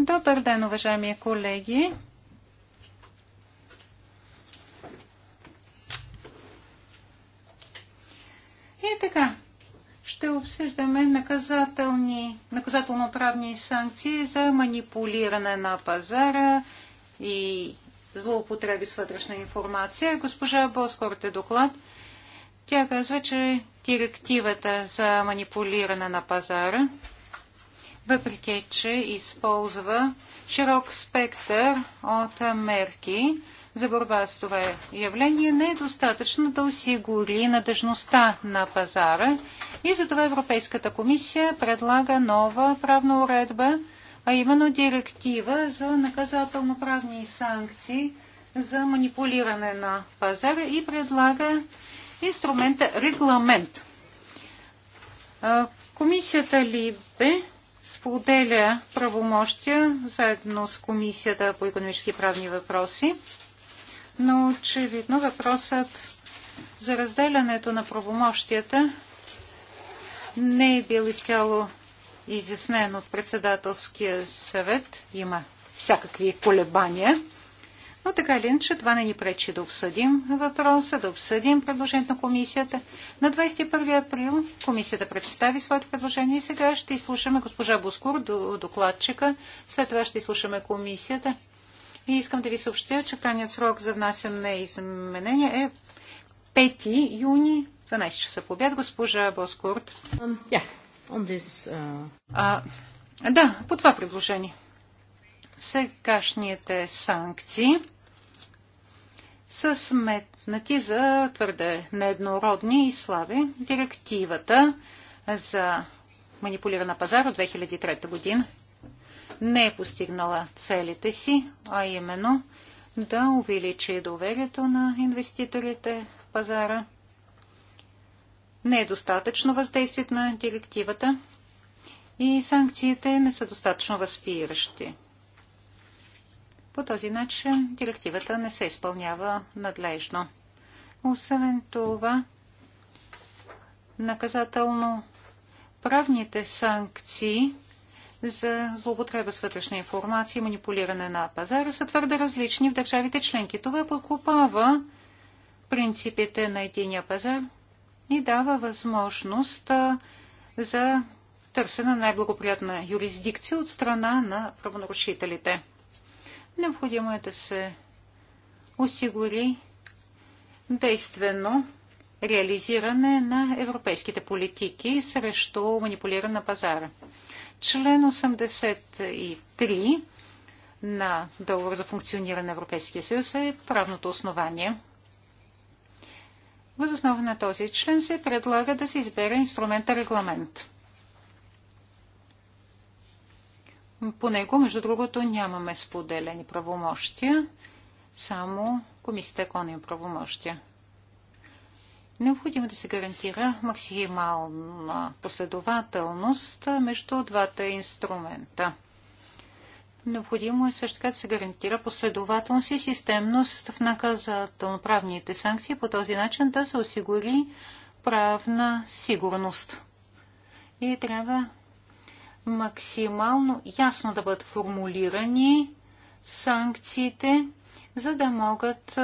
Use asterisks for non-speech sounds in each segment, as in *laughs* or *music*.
Добър ден, уважаеми колеги! И така, ще обсъждаме наказателни, наказателно-правни санкции за манипулиране на пазара и злоупотреби с вътрешна информация. Госпожа Боскорт е доклад. Тя казва, че директивата за манипулиране на пазара въпреки че използва широк спектър от мерки за борба с това явление, не е достатъчно да осигури надежността на пазара и затова Европейската комисия предлага нова правна уредба, а именно директива за наказателно-правни санкции за манипулиране на пазара и предлага инструмента регламент. Комисията Либе споделя правомощия заедно с Комисията по економически правни въпроси, но очевидно въпросът за разделянето на правомощията не е бил изцяло изяснен от председателския съвет. Има всякакви колебания. Но така или иначе, това не ни пречи да обсъдим въпроса, да обсъдим предложението на комисията. На 21 април комисията представи своето предложение и сега ще изслушаме госпожа Боскур, докладчика. След това ще изслушаме комисията. И искам да ви съобщя, че крайният срок за внасяне на изменения е 5 юни, 12 часа по обяд, госпожа Боскурт. Um, yeah, this, uh... а, да, по това предложение сегашните санкции са сметнати за твърде нееднородни и слаби. Директивата за на пазар от 2003 година не е постигнала целите си, а именно да увеличи доверието на инвеститорите в пазара. Не е достатъчно въздействието на директивата и санкциите не са достатъчно възпиращи. По този начин директивата не се изпълнява надлежно. Освен това, наказателно правните санкции за злоупотреба с вътрешна информация и манипулиране на пазара са твърде различни в държавите членки. Това подкопава принципите на единия пазар и дава възможност за търсене най-благоприятна юрисдикция от страна на правонарушителите. Необходимо е да се осигури действено реализиране на европейските политики срещу манипулиране на пазара. Член 83 на договор за функциониране на Европейския съюз е правното основание. Въз основа на този член се предлага да се избере инструмента регламент. По него, между другото, нямаме споделени правомощия, само комисията КОН има правомощия. Необходимо да се гарантира максимална последователност между двата инструмента. Необходимо е също така да се гарантира последователност и системност в наказателноправните санкции, по този начин да се осигури правна сигурност. И трябва максимално ясно да бъдат формулирани санкциите, за да могат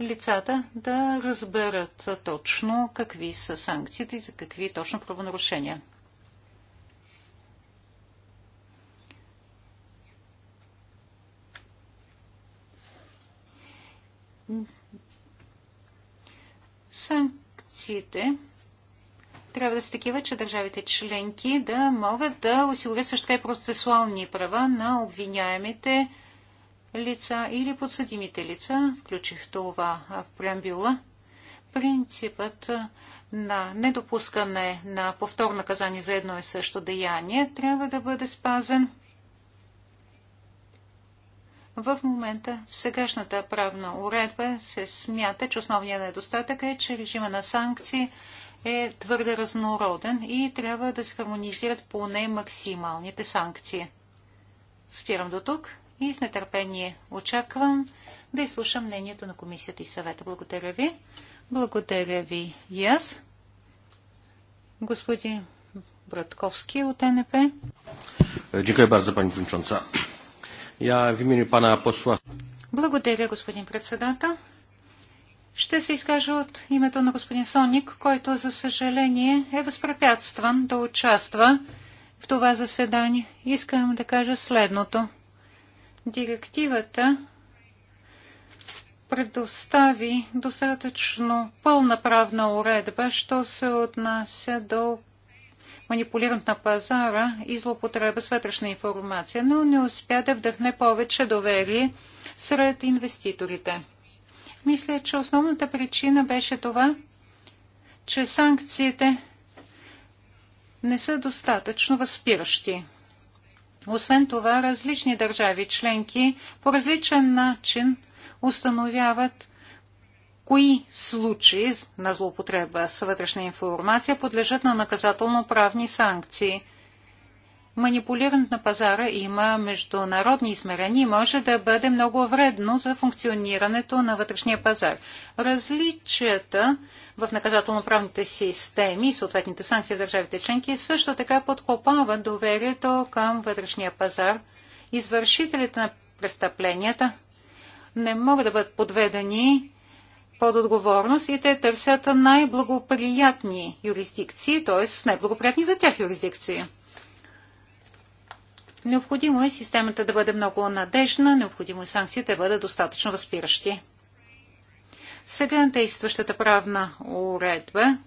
лицата да разберат точно какви са санкциите и за какви точно правонарушения. Санкциите трябва да са такива, че държавите членки да могат да осигурят също така и процесуални права на обвиняемите лица или подсъдимите лица. Включих това в преамбюла. Принципът на недопускане на повторно наказание за едно и също деяние трябва да бъде спазен. В момента в сегашната правна уредба се смята, че основният недостатък е, че режима на санкции е твърде разнороден и трябва да се хармонизират поне максималните санкции. Спирам до тук и с нетърпение очаквам да изслушам мнението на комисията и съвета. Благодаря ви. Благодаря ви и аз. Господин Братковски, от НП. Dziękuję bardzo пани Przewodnicząca. Ja w imieniu Pana Благодаря, господин председател. Ще се изкажа от името на господин Соник, който, за съжаление, е възпрепятстван да участва в това заседание. Искам да кажа следното. Директивата предостави достатъчно пълна правна уредба, що се отнася до манипулиран на пазара и злоупотреба с вътрешна информация, но не успя да вдъхне повече доверие сред инвеститорите. Мисля, че основната причина беше това, че санкциите не са достатъчно възпиращи. Освен това, различни държави членки по различен начин установяват кои случаи на злоупотреба с вътрешна информация подлежат на наказателно-правни санкции – манипулирането на пазара има международни измерения и може да бъде много вредно за функционирането на вътрешния пазар. Различията в наказателно-правните системи и съответните санкции в държавите членки също така подкопават доверието към вътрешния пазар. Извършителите на престъпленията не могат да бъдат подведени под отговорност и те търсят най-благоприятни юрисдикции, т.е. най-благоприятни за тях юрисдикции. Необходимо е системата да бъде много надежна, необходимо е санкциите да бъдат достатъчно възпиращи. Сега действащата правна уредба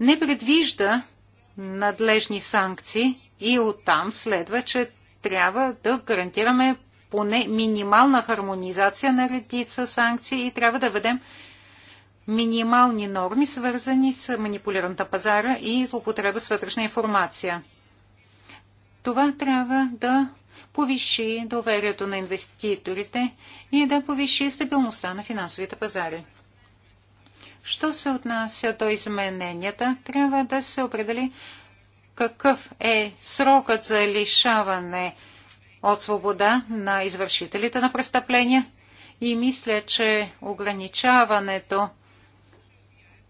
не предвижда надлежни санкции и оттам следва, че трябва да гарантираме поне минимална хармонизация на редица санкции и трябва да ведем минимални норми, свързани с манипулирането пазара и злоупотреба с вътрешна информация. Това трябва да повиши доверието на инвеститорите и да повиши стабилността на финансовите пазари. Що се отнася до измененията, трябва да се определи какъв е срокът за лишаване от свобода на извършителите на престъпления и мисля, че ограничаването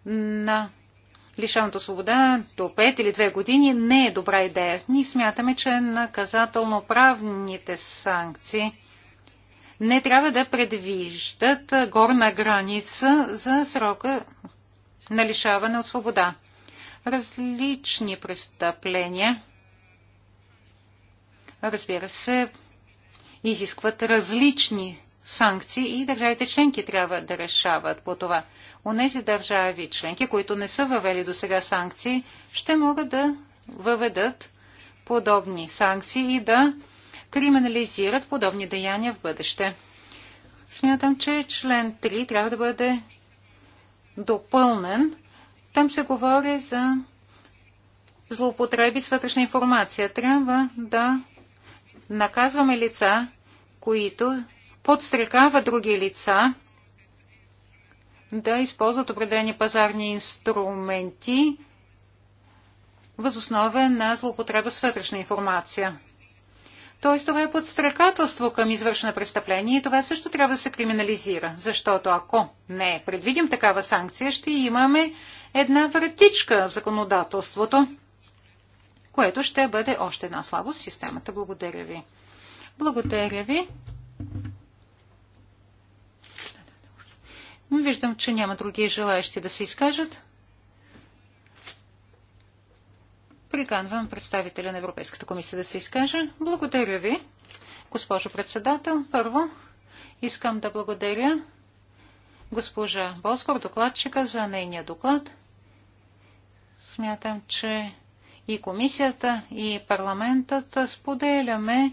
на лишаването свобода до 5 или 2 години не е добра идея. Ние смятаме, че наказателно-правните санкции не трябва да предвиждат горна граница за срока на лишаване от свобода. Различни престъпления, разбира се, изискват различни санкции и държавите членки трябва да решават по това. Онези държави членки, които не са въвели до сега санкции, ще могат да въведат подобни санкции и да криминализират подобни деяния в бъдеще. Смятам, че член 3 трябва да бъде допълнен. Там се говори за злоупотреби с вътрешна информация. Трябва да наказваме лица, които подстрекават други лица да използват определени пазарни инструменти възоснове на злоупотреба с вътрешна информация. Тоест това е подстрекателство към извършено престъпление и това също трябва да се криминализира, защото ако не предвидим такава санкция, ще имаме една вратичка в законодателството, което ще бъде още една слабост в системата. Благодаря ви. Благодаря ви. Виждам, че няма други желаящи да се изкажат. Приканвам представителя на Европейската комисия да се изкаже. Благодаря ви, госпожо председател. Първо, искам да благодаря госпожа Боскор, докладчика, за нейния доклад. Смятам, че и комисията, и парламентът споделяме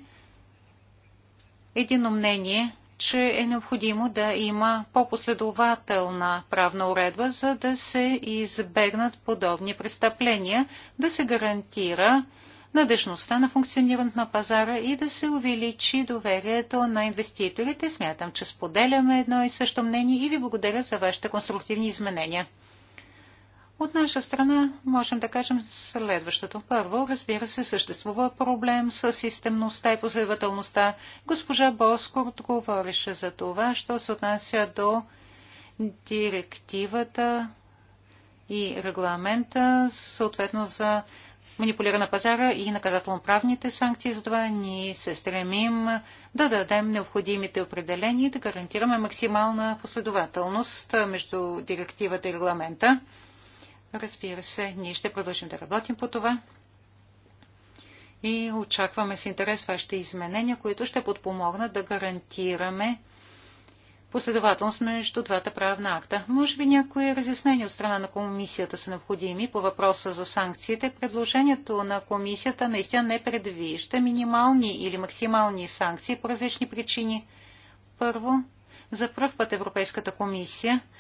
едино мнение че е необходимо да има по-последователна правна уредба, за да се избегнат подобни престъпления, да се гарантира надежността на функционирането на пазара и да се увеличи доверието на инвеститорите. Смятам, че споделяме едно и също мнение и ви благодаря за вашите конструктивни изменения. От наша страна можем да кажем следващото. Първо, разбира се, съществува проблем с системността и последователността. Госпожа Боскор говореше за това, що се отнася до директивата и регламента, съответно за манипулира на пазара и наказателно-правните санкции. Затова ние се стремим да дадем необходимите определения и да гарантираме максимална последователност между директивата и регламента. Разбира се, ние ще продължим да работим по това и очакваме с интерес вашите изменения, които ще подпомогнат да гарантираме последователност между двата правна акта. Може би някои разяснения от страна на комисията са необходими по въпроса за санкциите. Предложението на комисията наистина не предвижда минимални или максимални санкции по различни причини. Първо, за първ път Европейската комисия –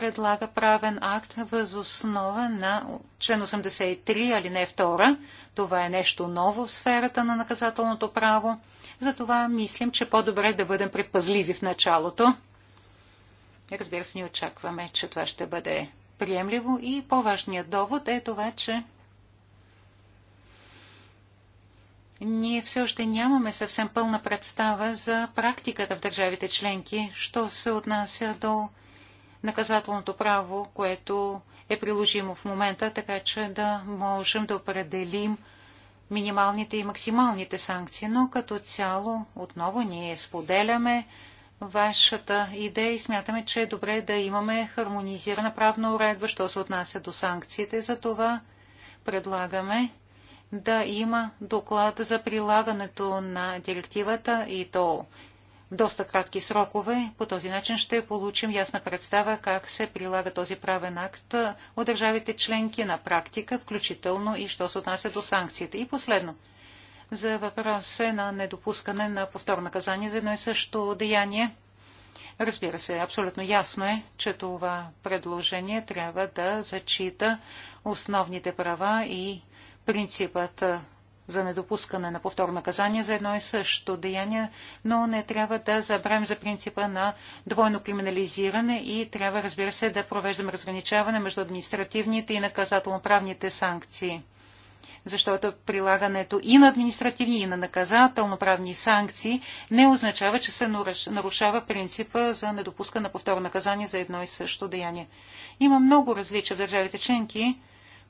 предлага правен акт въз основа на член 83, али не 2. Това е нещо ново в сферата на наказателното право. Затова мислим, че по-добре да бъдем предпазливи в началото. Разбира се, ни очакваме, че това ще бъде приемливо. И по-важният довод е това, че ние все още нямаме съвсем пълна представа за практиката в държавите членки, що се отнася до наказателното право, което е приложимо в момента, така че да можем да определим минималните и максималните санкции. Но като цяло отново ние споделяме вашата идея и смятаме, че е добре да имаме хармонизирана правна уредба, що се отнася до санкциите. За това предлагаме да има доклад за прилагането на директивата и то доста кратки срокове. По този начин ще получим ясна представа как се прилага този правен акт от държавите членки на практика, включително и що се отнася до санкциите. И последно, за въпроса на недопускане на повторно наказание за едно и също деяние. Разбира се, абсолютно ясно е, че това предложение трябва да зачита основните права и принципът за недопускане на повторно наказание за едно и също деяние, но не трябва да забравим за принципа на двойно криминализиране и трябва, разбира се, да провеждаме разграничаване между административните и наказателно-правните санкции. Защото прилагането и на административни, и на наказателно-правни санкции не означава, че се нарушава принципа за недопускане на повторно наказание за едно и също деяние. Има много различия в държавите членки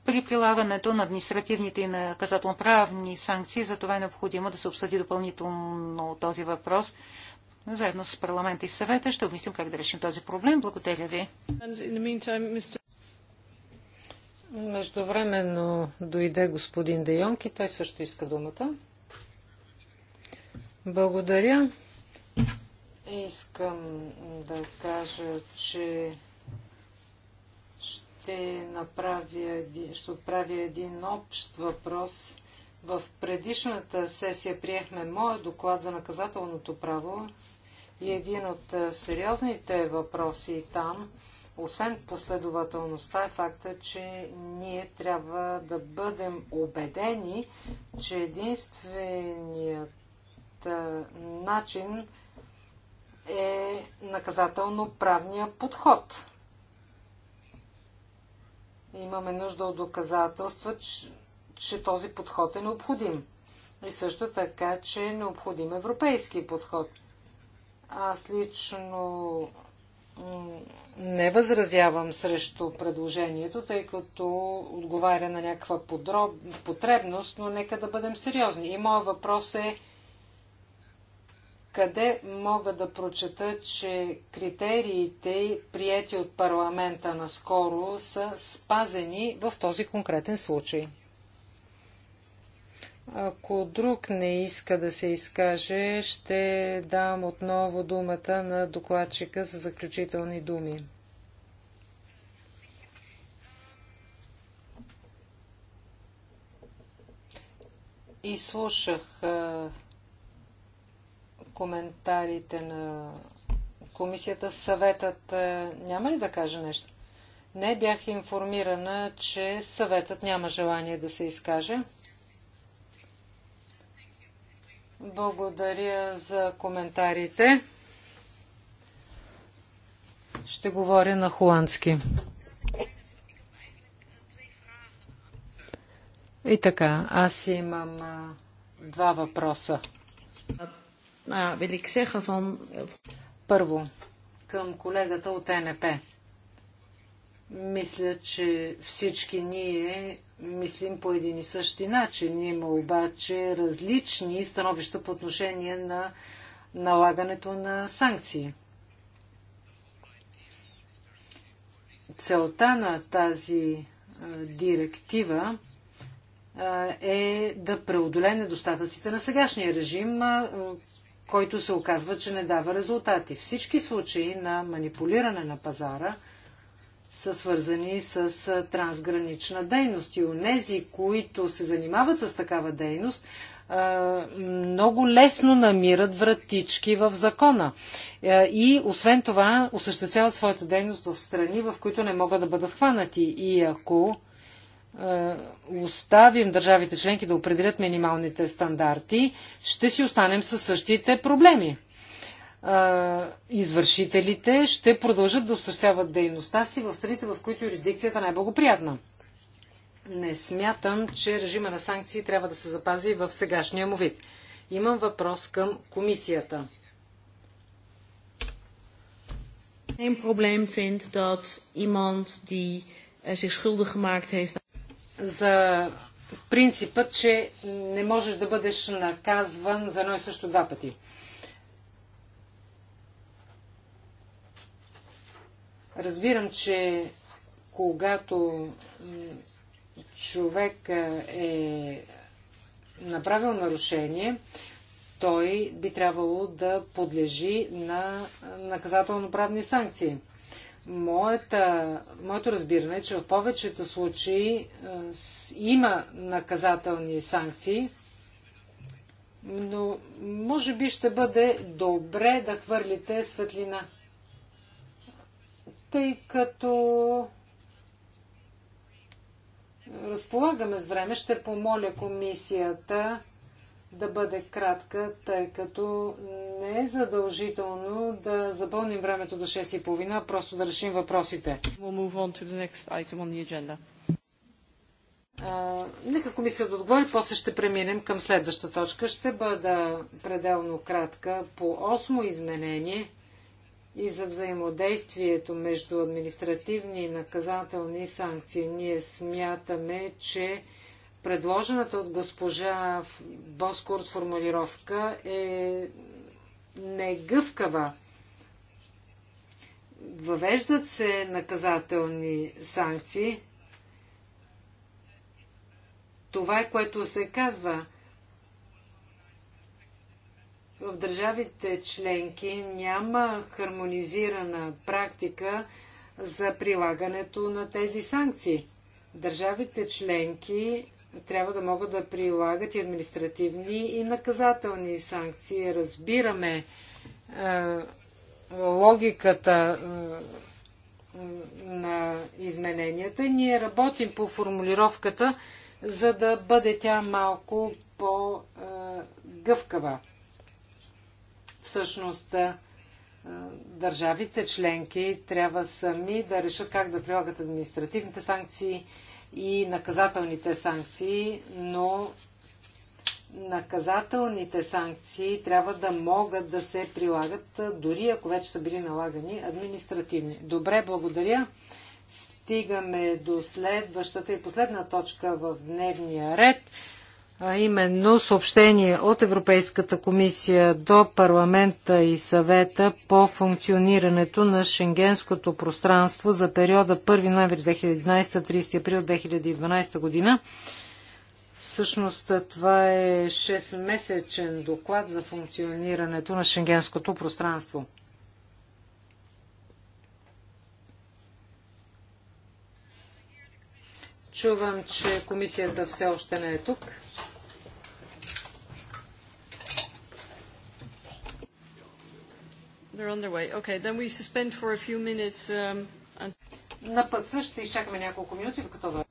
при прилагането на административните и наказателно-правни санкции. За това е необходимо да се обсъди допълнително този въпрос. Заедно с парламента и съвета ще обмислим как да решим този проблем. Благодаря ви. Междувременно дойде господин Де Йонг и той също иска думата. Благодаря. Искам да кажа, че ще, направя, ще отправя един общ въпрос. В предишната сесия приехме моя доклад за наказателното право и един от е, сериозните въпроси там, освен последователността, е факта, че ние трябва да бъдем убедени, че единственият е, начин е наказателно-правния подход – Имаме нужда от доказателства, че, че този подход е необходим. И също така, че е необходим европейски подход. Аз лично не възразявам срещу предложението, тъй като отговаря на някаква подроб... потребност, но нека да бъдем сериозни. И моят въпрос е къде мога да прочета, че критериите, прияти от парламента наскоро, са спазени в този конкретен случай? Ако друг не иска да се изкаже, ще дам отново думата на докладчика за заключителни думи. И слушах коментарите на комисията. Съветът е, няма ли да каже нещо? Не, бях информирана, че съветът няма желание да се изкаже. Благодаря за коментарите. Ще говоря на холандски. И така, аз имам два въпроса а, wil ik zeggen van... Първо, към колегата от НП. Мисля, че всички ние мислим по един и същи начин. Има обаче различни становища по отношение на налагането на санкции. Целта на тази е, директива е, е да преодолее недостатъците на сегашния режим, е, който се оказва, че не дава резултати. Всички случаи на манипулиране на пазара са свързани с трансгранична дейност и онези, които се занимават с такава дейност, много лесно намират вратички в закона. И освен това осъществяват своята дейност в страни, в които не могат да бъдат хванати. И ако е, оставим държавите членки да определят минималните стандарти, ще си останем със същите проблеми. Е, извършителите ще продължат да осъществяват дейността си в страните, в които юрисдикцията не е благоприятна. Не смятам, че режима на санкции трябва да се запази в сегашния му вид. Имам въпрос към комисията. Geen проблем vindt dat iemand die eh, zich schuldig gemaakt heeft за принципът, че не можеш да бъдеш наказван за едно и също два пъти. Разбирам, че когато човек е направил нарушение, той би трябвало да подлежи на наказателно-правни санкции. Моята, моето разбиране е, че в повечето случаи е, има наказателни санкции, но може би ще бъде добре да хвърлите светлина. Тъй като разполагаме с време, ще помоля комисията да бъде кратка, тъй като не е задължително да запълним времето до 6.30, просто да решим въпросите. We'll нека комисия да отговори, после ще преминем към следваща точка. Ще бъда пределно кратка по осмо изменение и за взаимодействието между административни и наказателни санкции. Ние смятаме, че предложената от госпожа Боскорт формулировка е негъвкава. Въвеждат се наказателни санкции. Това е което се казва. В държавите членки няма хармонизирана практика за прилагането на тези санкции. Държавите членки трябва да могат да прилагат и административни и наказателни санкции. Разбираме е, логиката е, на измененията. Ние работим по формулировката, за да бъде тя малко по-гъвкава. Всъщност, е, държавите членки трябва сами да решат как да прилагат административните санкции, и наказателните санкции, но наказателните санкции трябва да могат да се прилагат, дори ако вече са били налагани административни. Добре, благодаря. Стигаме до следващата и последна точка в дневния ред а именно съобщение от Европейската комисия до парламента и съвета по функционирането на шенгенското пространство за периода 1 ноември 2011-30 април 2012 година. Всъщност това е 6-месечен доклад за функционирането на шенгенското пространство. Чувам, че комисията все още не е тук. They're on their way. Okay, then we suspend for a few minutes. Um, and... На път също изчакаме няколко минути, докато дойде.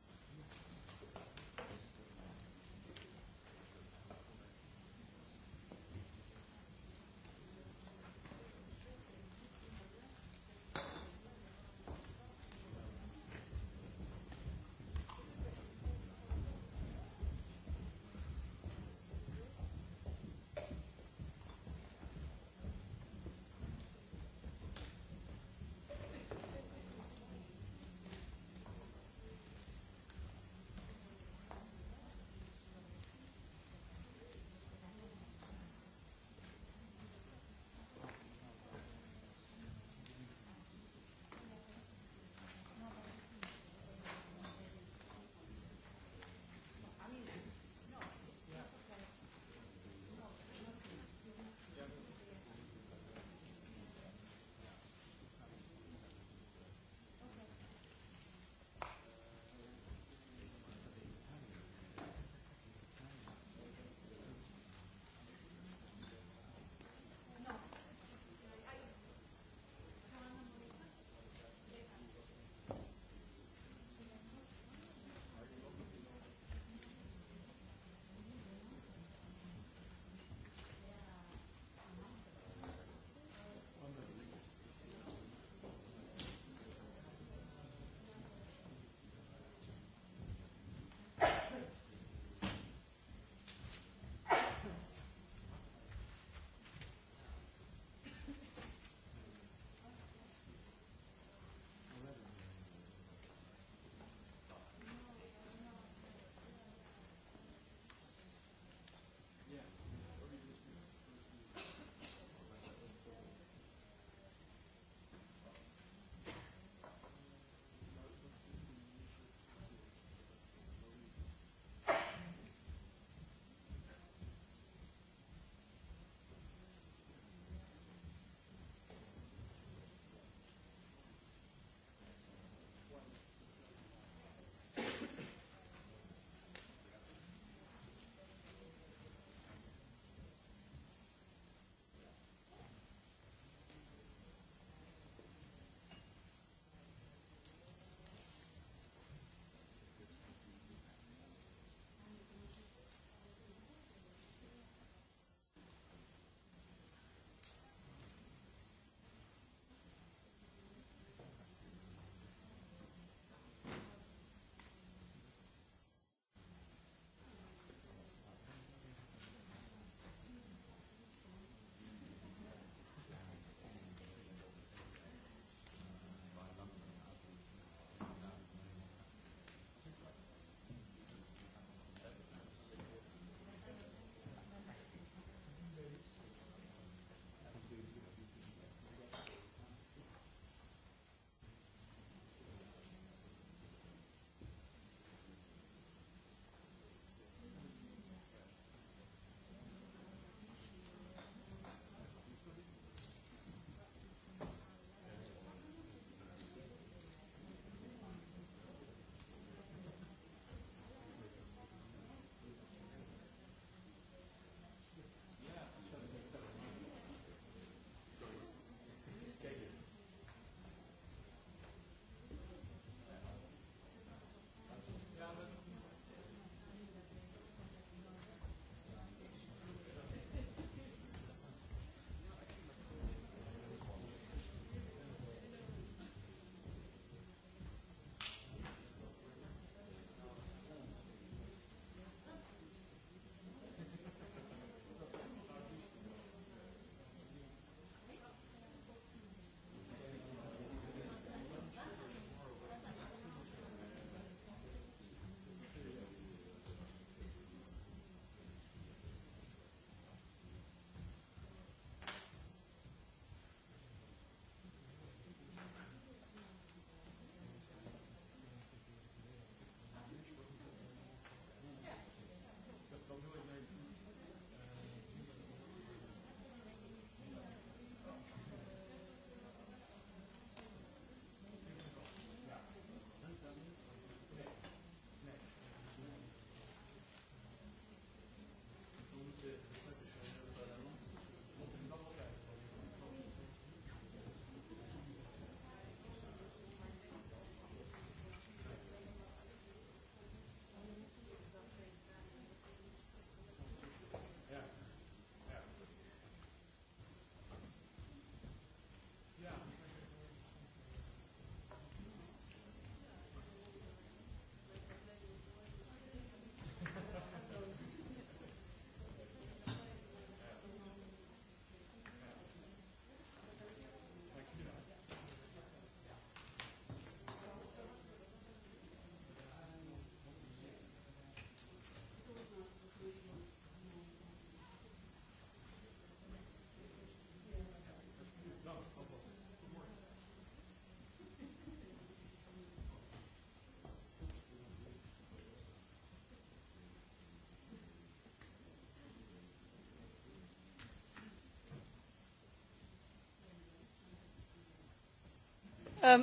Um,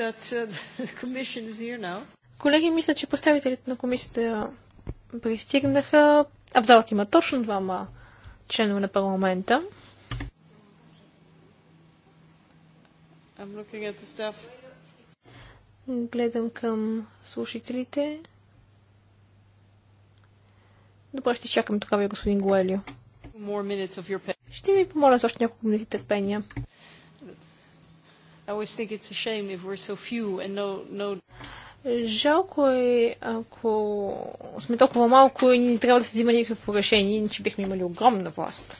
uh, *laughs* Колеги, мисля, че представителите на комисията пристигнаха. А в залата има точно двама членове на парламента. Гледам към слушателите. Добре, ще чакам тогава и господин Гоелио. Ще ви помоля за още няколко минути търпения. No... Жалко е, ако сме толкова малко и не трябва да се взима никакво решение, иначе бихме имали огромна власт.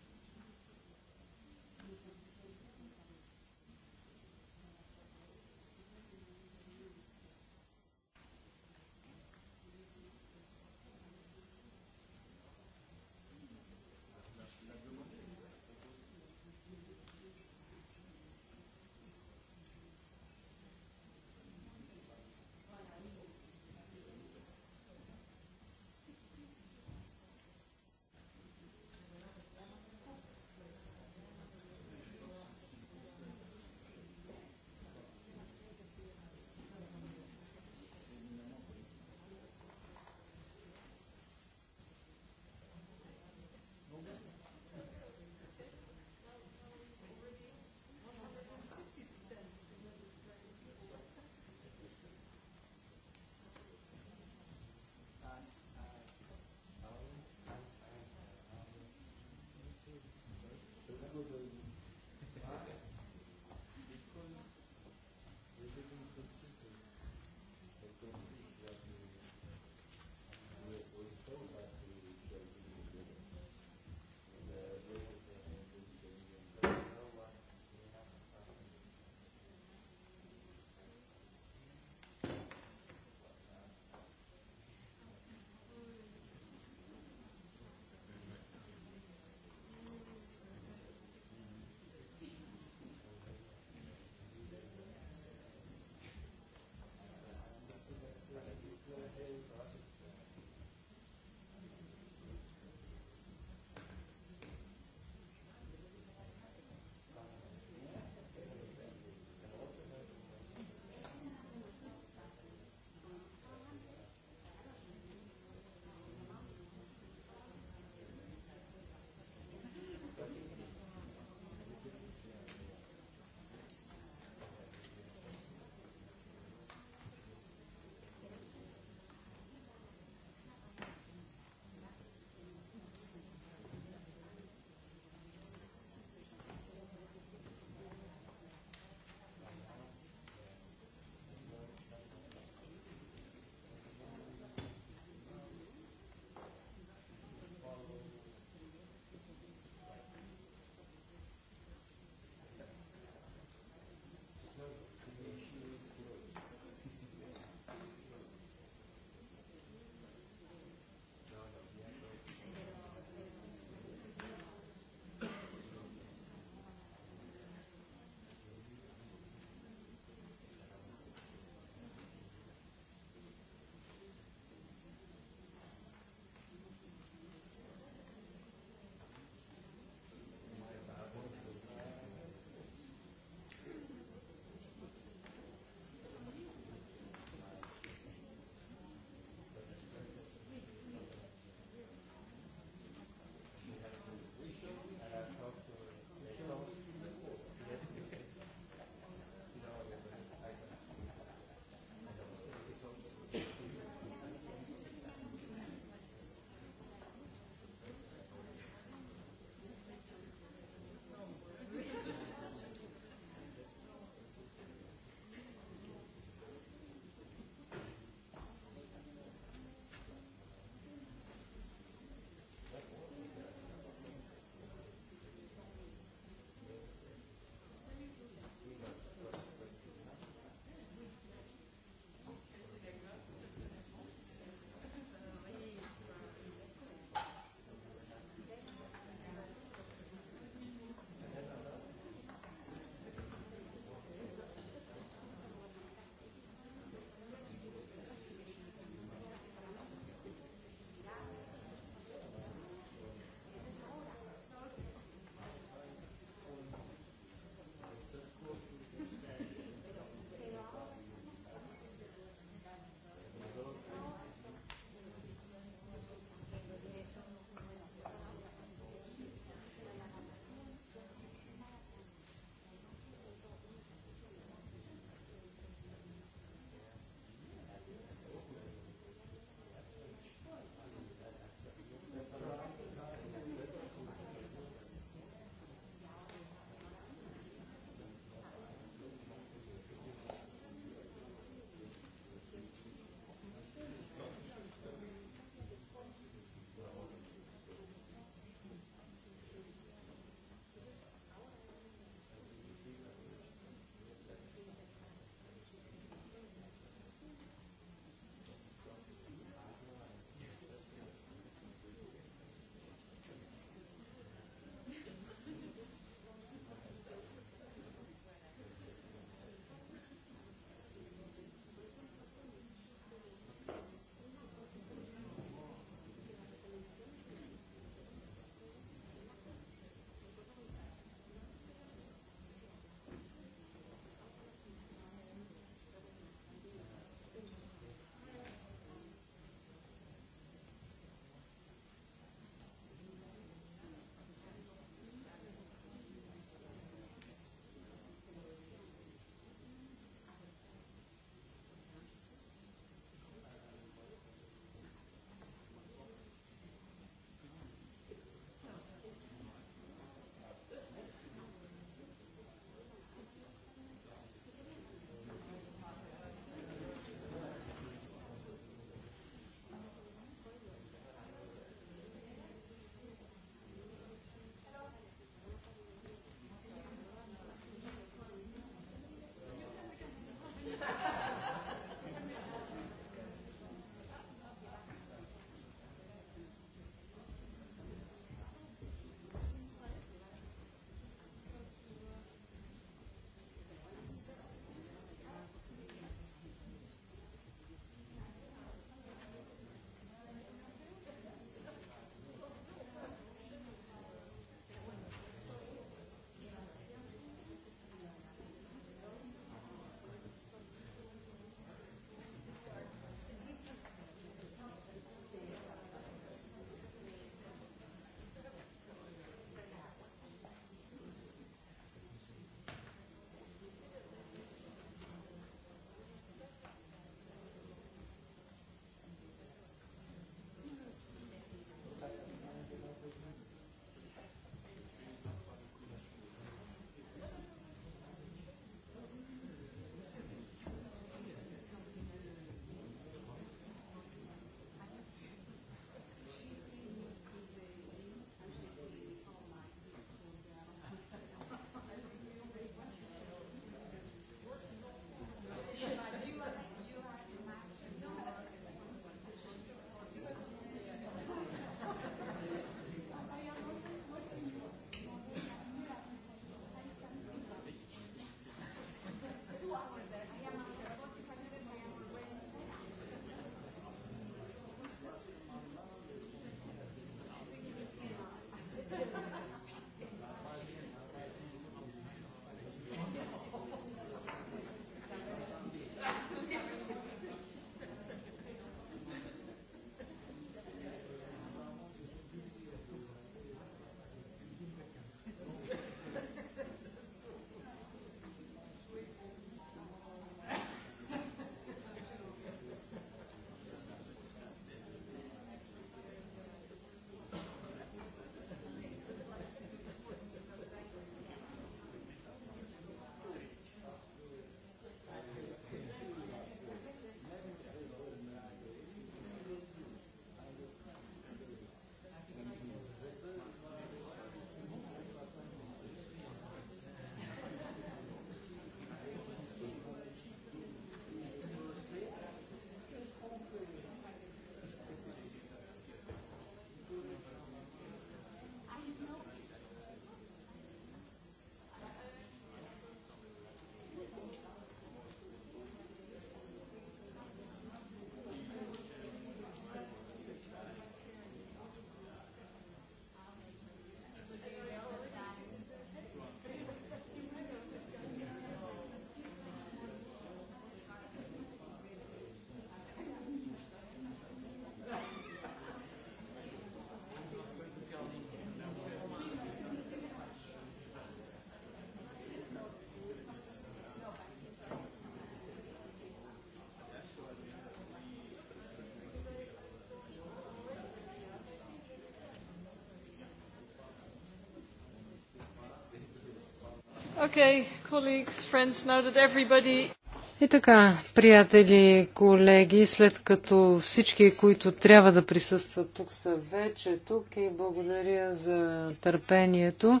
И така, приятели, колеги, след като всички, които трябва да присъстват тук, са вече тук и благодаря за търпението.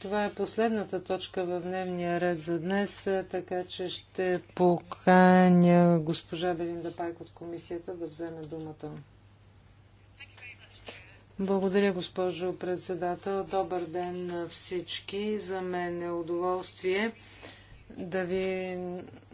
Това е последната точка в дневния ред за днес, така че ще поканя госпожа Белинда Пайк от комисията да вземе думата. Благодаря, госпожо председател. Добър ден на всички. За мен е удоволствие да ви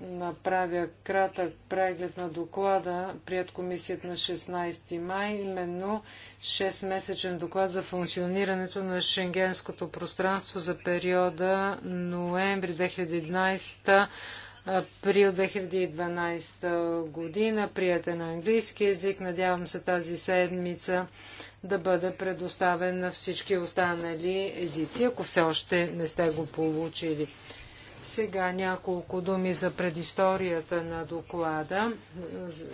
направя кратък преглед на доклада, прият комисията на 16 май, именно 6-месечен доклад за функционирането на шенгенското пространство за периода ноември 2011 април 2012 година, прията е на английски язик. Надявам се тази седмица да бъде предоставен на всички останали езици, ако все още не сте го получили. Сега няколко думи за предисторията на доклада, за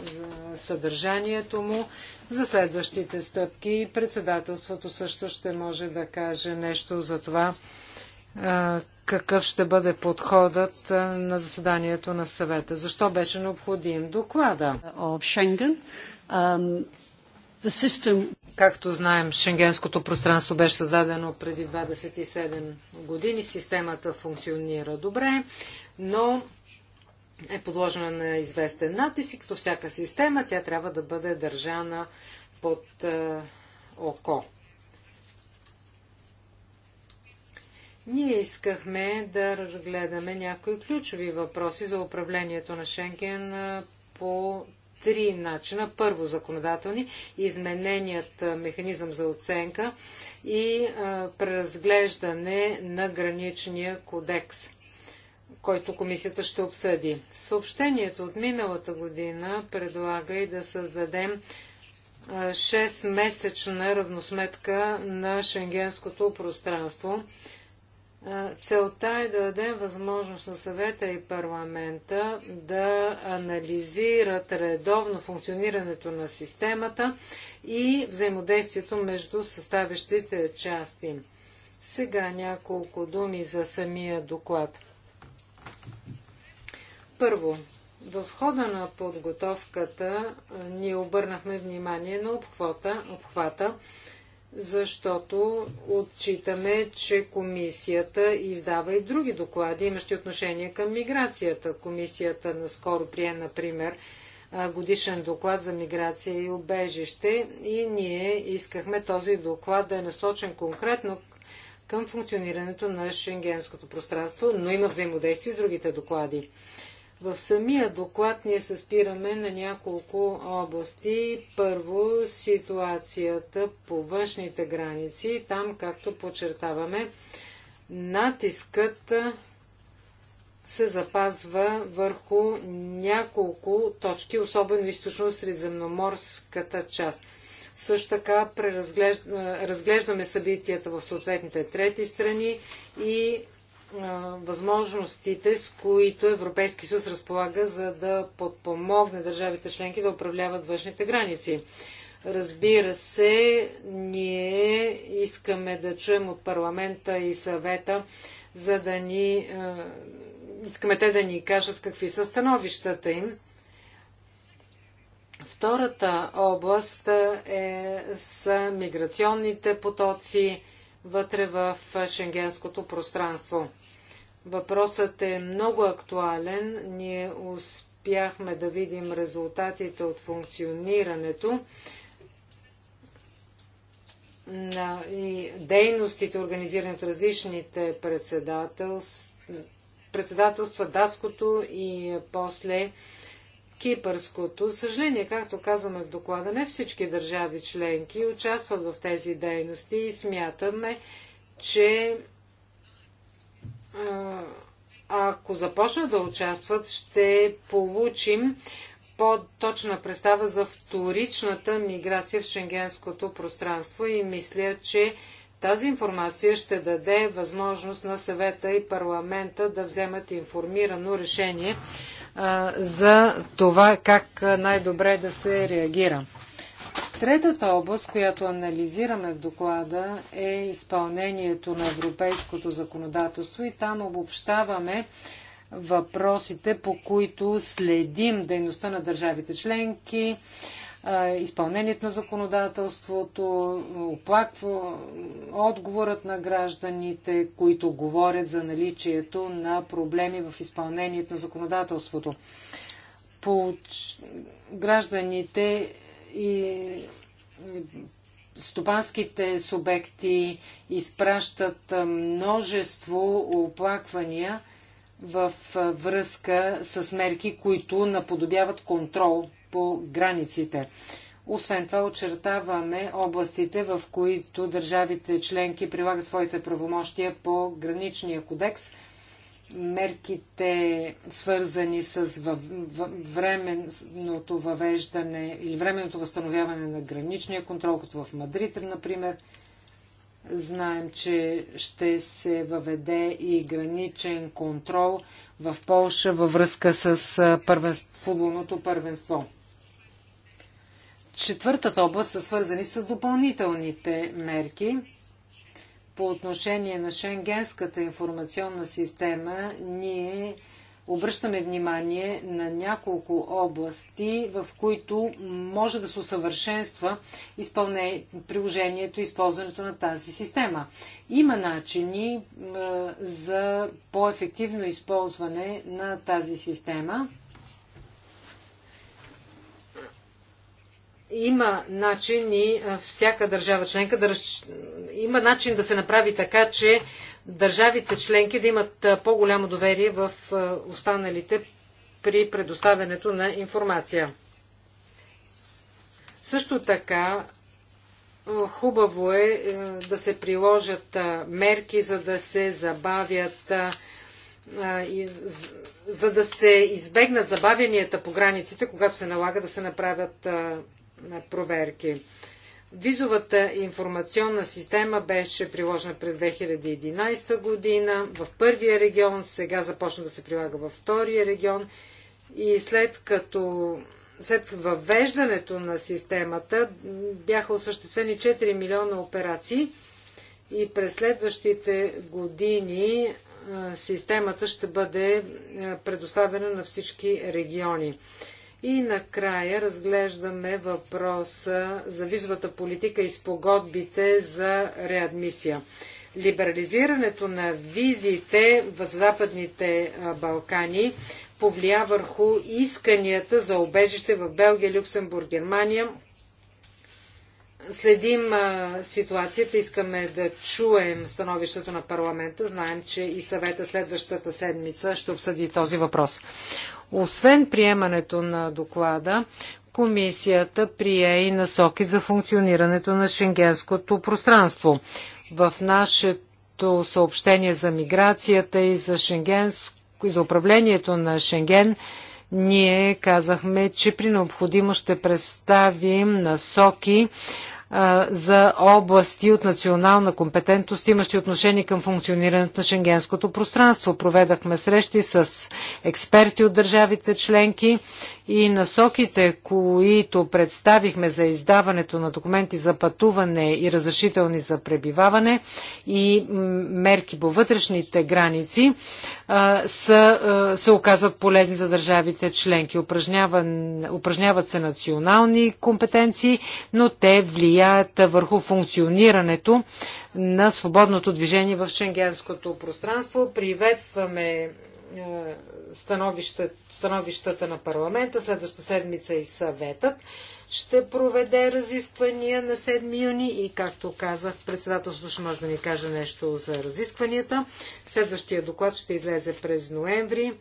съдържанието му, за следващите стъпки. Председателството също ще може да каже нещо за това какъв ще бъде подходът на заседанието на съвета. Защо беше необходим доклада? Um, Както знаем, шенгенското пространство беше създадено преди 27 години. Системата функционира добре, но е подложена на известен натиск. Като всяка система, тя трябва да бъде държана под око. Ние искахме да разгледаме някои ключови въпроси за управлението на Шенген по три начина. Първо законодателни, измененият механизъм за оценка и а, преразглеждане на граничния кодекс който комисията ще обсъди. Съобщението от миналата година предлага и да създадем 6-месечна равносметка на шенгенското пространство Целта е да дадем възможност на съвета и парламента да анализират редовно функционирането на системата и взаимодействието между съставящите части. Сега няколко думи за самия доклад. Първо, в хода на подготовката ние обърнахме внимание на обхвата, обхвата защото отчитаме, че комисията издава и други доклади, имащи отношение към миграцията. Комисията наскоро прие, например, годишен доклад за миграция и убежище и ние искахме този доклад да е насочен конкретно към функционирането на шенгенското пространство, но има взаимодействие с другите доклади. В самия доклад ние се спираме на няколко области. Първо, ситуацията по външните граници. Там, както подчертаваме, натискът се запазва върху няколко точки, особено източно средиземноморската част. Също така преразглеждаме събитията в съответните трети страни и възможностите, с които Европейски съюз разполага, за да подпомогне държавите членки да управляват външните граници. Разбира се, ние искаме да чуем от парламента и съвета, за да ни. искаме те да ни кажат какви са становищата им. Втората област е, са миграционните потоци, вътре в шенгенското пространство. Въпросът е много актуален. Ние успяхме да видим резултатите от функционирането на и дейностите, организирани от различните председателства, председателства датското и после кипърското. За съжаление, както казваме в доклада, не всички държави членки участват в тези дейности и смятаме, че ако започнат да участват, ще получим по-точна представа за вторичната миграция в шенгенското пространство и мисля, че тази информация ще даде възможност на съвета и парламента да вземат информирано решение за това как най-добре да се реагира. Третата област, която анализираме в доклада, е изпълнението на европейското законодателство и там обобщаваме въпросите, по които следим дейността на държавите членки, изпълнението на законодателството, оплаква отговорът на гражданите, които говорят за наличието на проблеми в изпълнението на законодателството. По гражданите и стопанските субекти изпращат множество оплаквания в връзка с мерки, които наподобяват контрол по границите. Освен това, очертаваме областите, в които държавите членки прилагат своите правомощия по граничния кодекс, мерките свързани с временното въвеждане или временното възстановяване на граничния контрол, като в Мадрид, например. Знаем, че ще се въведе и граничен контрол в Полша във връзка с първенство, футболното първенство четвъртата област са свързани с допълнителните мерки. По отношение на Шенгенската информационна система, ние обръщаме внимание на няколко области, в които може да се усъвършенства приложението и използването на тази система. Има начини за по-ефективно използване на тази система. има начин и всяка държава членка да има начин да се направи така, че държавите членки да имат по-голямо доверие в останалите при предоставянето на информация. Също така, хубаво е да се приложат мерки, за да се забавят за да се избегнат забавянията по границите, когато се налага да се направят проверки. Визовата информационна система беше приложена през 2011 година в първия регион, сега започна да се прилага във втория регион и след като след въвеждането на системата бяха осъществени 4 милиона операции и през следващите години системата ще бъде предоставена на всички региони. И накрая разглеждаме въпроса за визовата политика и спогодбите за реадмисия. Либерализирането на визите в Западните Балкани повлия върху исканията за обежище в Белгия, Люксембург, Германия. Следим а, ситуацията, искаме да чуем становището на парламента. Знаем, че и съвета следващата седмица ще обсъди този въпрос. Освен приемането на доклада, комисията прие и насоки за функционирането на шенгенското пространство. В нашето съобщение за миграцията и за, шенгенско, и за управлението на Шенген ние казахме, че при необходимо ще представим насоки за области от национална компетентност, имащи отношение към функционирането на шенгенското пространство. Проведахме срещи с експерти от държавите членки и насоките, които представихме за издаването на документи за пътуване и разрешителни за пребиваване и мерки по вътрешните граници са, се оказват полезни за държавите членки. Упражняват, упражняват се национални компетенции, но те влияят влияят върху функционирането на свободното движение в шенгенското пространство. Приветстваме е, становищата, становищата на парламента. Следваща седмица и съветът ще проведе разисквания на 7 юни и, както казах, председателството ще може да ни каже нещо за разискванията. Следващия доклад ще излезе през ноември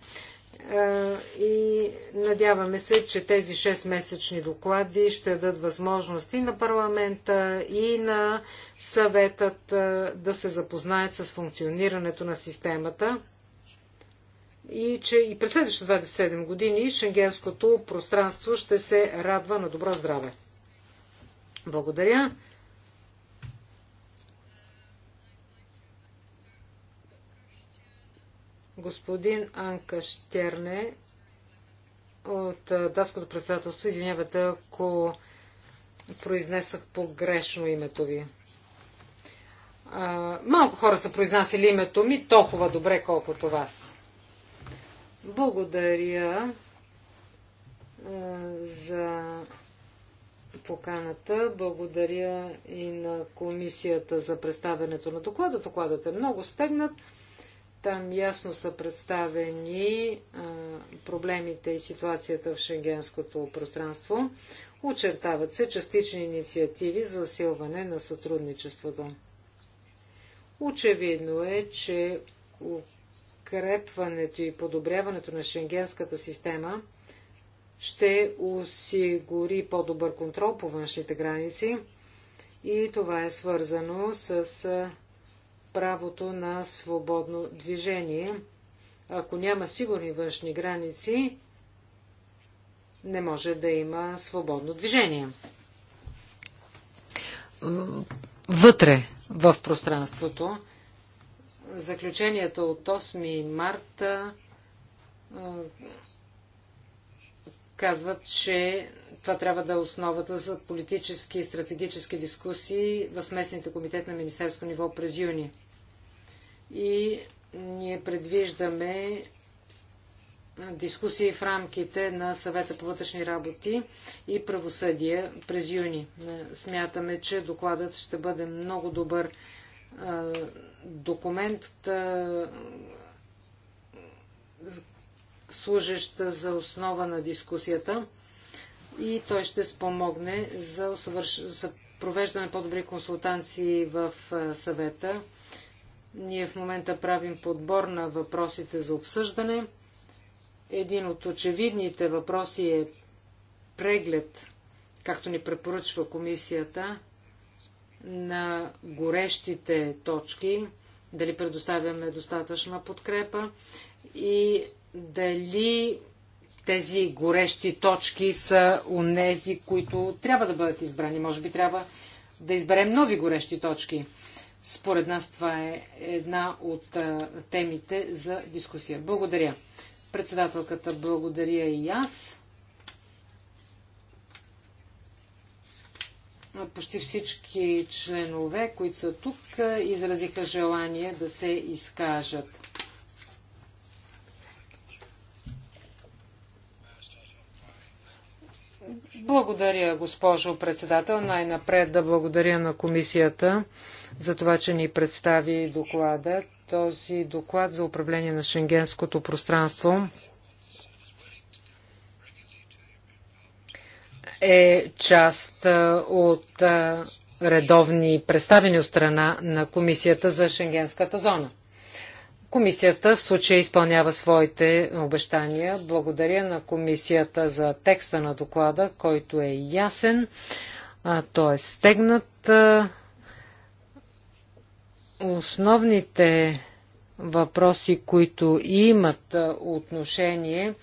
и надяваме се, че тези 6-месечни доклади ще дадат възможност и на парламента, и на съветът да се запознаят с функционирането на системата и че и през следващите 27 години шенгенското пространство ще се радва на добро здраве. Благодаря. Господин Анка Штерне от датското председателство, извинявате, ако произнесах погрешно името ви. А, малко хора са произнасяли името ми толкова добре, колкото вас. Благодаря а, за поканата. Благодаря и на комисията за представянето на доклада. Докладът е много стегнат. Там ясно са представени а, проблемите и ситуацията в шенгенското пространство. Очертават се частични инициативи за засилване на сътрудничеството. Очевидно е, че укрепването и подобряването на шенгенската система ще осигури по-добър контрол по външните граници и това е свързано с правото на свободно движение. Ако няма сигурни външни граници, не може да има свободно движение. Вътре в пространството заключенията от 8 марта казват, че това трябва да е основата за политически и стратегически дискусии в местните комитет на министерско ниво през юни и ние предвиждаме дискусии в рамките на съвета по вътрешни работи и правосъдие през юни. Смятаме, че докладът ще бъде много добър документ, служещ за основа на дискусията и той ще спомогне за, провеждане по-добри консултанции в съвета ние в момента правим подбор на въпросите за обсъждане. Един от очевидните въпроси е преглед, както ни препоръчва комисията, на горещите точки, дали предоставяме достатъчна подкрепа и дали тези горещи точки са унези, които трябва да бъдат избрани. Може би трябва да изберем нови горещи точки. Според нас това е една от темите за дискусия. Благодаря. Председателката, благодаря и аз. почти всички членове, които са тук, изразиха желание да се изкажат. Благодаря, госпожо председател. Най-напред да благодаря на комисията за това, че ни представи доклада. Този доклад за управление на шенгенското пространство е част от редовни представени от страна на Комисията за Шенгенската зона. Комисията в случая изпълнява своите обещания. Благодаря на Комисията за текста на доклада, който е ясен. Той е стегнат Основните въпроси, които имат отношение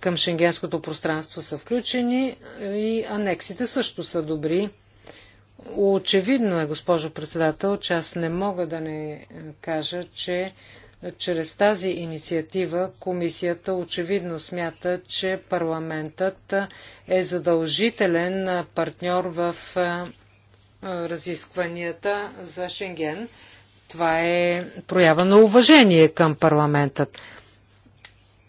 към шенгенското пространство са включени и анексите също са добри. Очевидно е, госпожо председател, че аз не мога да не е, кажа, че чрез тази инициатива комисията очевидно смята, че парламентът е задължителен партньор в разискванията за Шенген. Това е проява на уважение към парламентът.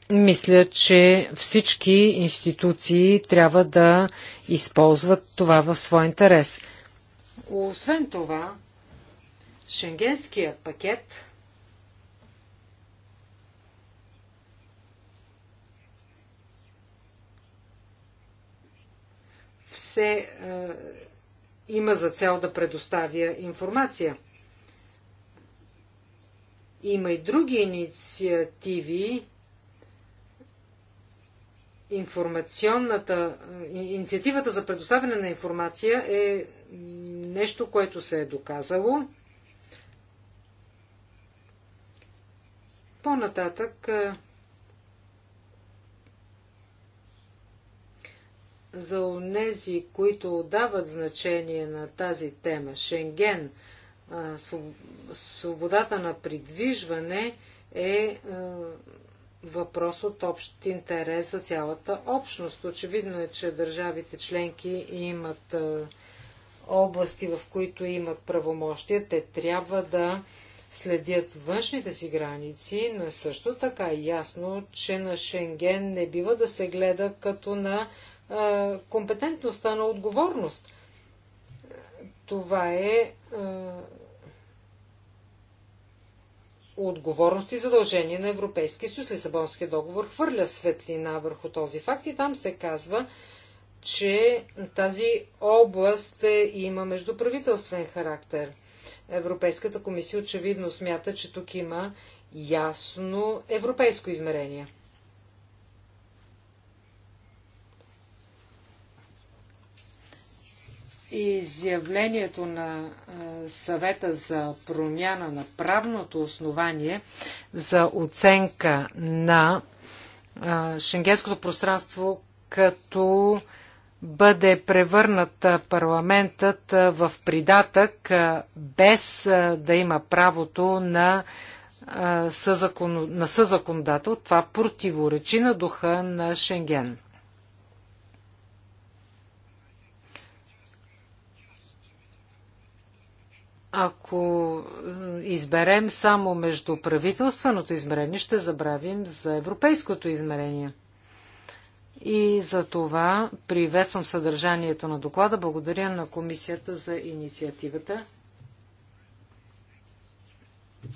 Мисля, че всички институции трябва да използват това в свой интерес. Освен това, шенгенският пакет все има за цел да предоставя информация. Има и други инициативи. Информационната, е, инициативата за предоставяне на информация е нещо, което се е доказало. По-нататък е, за онези, които отдават значение на тази тема. Шенген, свободата на придвижване е, е въпрос от общ интерес за цялата общност. Очевидно е, че държавите членки имат области, в които имат правомощия. Те трябва да следят външните си граници, но е също така е ясно, че на Шенген не бива да се гледа като на компетентността на отговорност. Това е отговорност и задължение на Европейския съюз. Лисабонския договор хвърля светлина върху този факт и там се казва, че тази област е, има междуправителствен характер. Европейската комисия очевидно смята, че тук има ясно европейско измерение. изявлението на съвета за промяна на правното основание за оценка на шенгенското пространство като бъде превърнат парламентът в придатък без да има правото на, съзакон... на съзаконодател. Това противоречи на духа на Шенген. Ако е, изберем само между правителственото измерение, ще забравим за европейското измерение. И за това приветствам съдържанието на доклада. Благодаря на комисията за инициативата.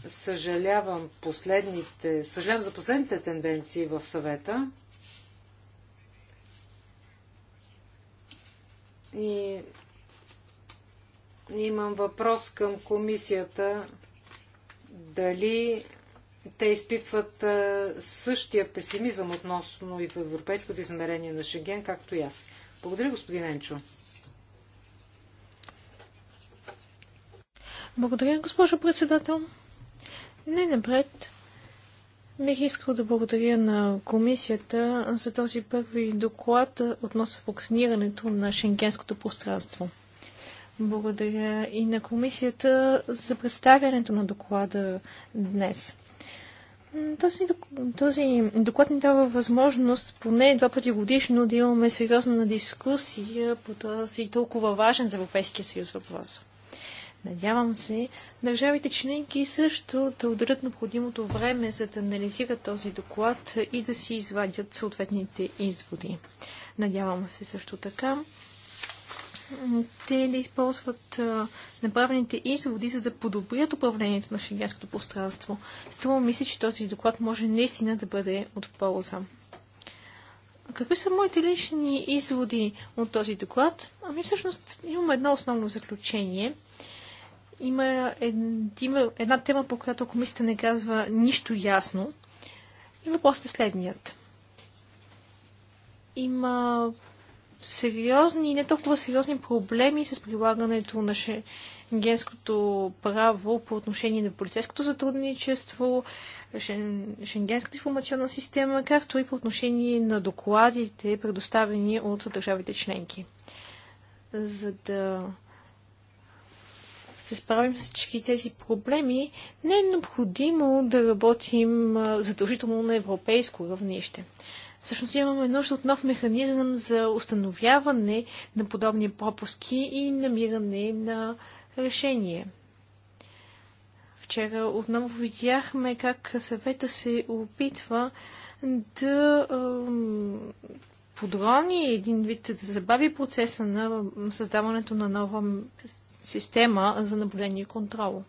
Съжалявам, последните, съжалявам за последните тенденции в съвета. И Имам въпрос към комисията. Дали те изпитват същия песимизъм относно и в европейското измерение на Шенген, както и аз. Благодаря, господин Енчо. Благодаря, госпожо председател. Не напред. Бих искал да благодаря на комисията за този първи доклад относно функционирането на шенгенското пространство. Благодаря и на комисията за представянето на доклада днес. Този, този доклад ни дава възможност поне два пъти годишно да имаме сериозна дискусия по този толкова важен за Европейския съюз въпрос. Надявам се, държавите членки също да отдадат необходимото време, за да анализират този доклад и да си извадят съответните изводи. Надявам се също така, те да използват направените изводи, за да подобрят управлението на шенгенското пространство. Струва мисля, че този доклад може наистина да бъде от полза. Какви са моите лични изводи от този доклад? Ами всъщност имам едно основно заключение. Има, ед, има една тема, по която комисията не казва нищо ясно. И въпросът е следният. Има сериозни и не толкова сериозни проблеми с прилагането на шенгенското право по отношение на полицейското сътрудничество, шенгенската информационна система, както и по отношение на докладите, предоставени от държавите членки. За да се справим с всички тези проблеми, не е необходимо да работим задължително на европейско равнище всъщност имаме нужда от нов механизъм за установяване на подобни пропуски и намиране на решение. Вчера отново видяхме как съвета се опитва да подрони един вид, да забави процеса на създаването на нова система за наблюдение и контрол.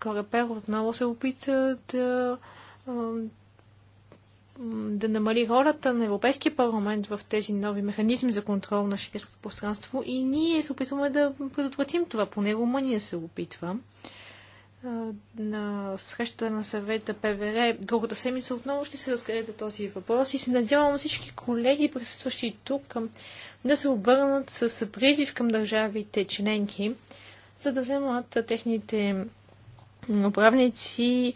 Корепер отново се опита да да намали ролята на Европейския парламент в тези нови механизми за контрол на шенгенското пространство и ние се опитваме да предотвратим това. Поне Румъния се опитва. На срещата на съвета ПВР другата седмица отново ще се разгледа този въпрос и се надявам всички колеги, присъстващи тук, да се обърнат с призив към държавите членки, за да вземат техните управници,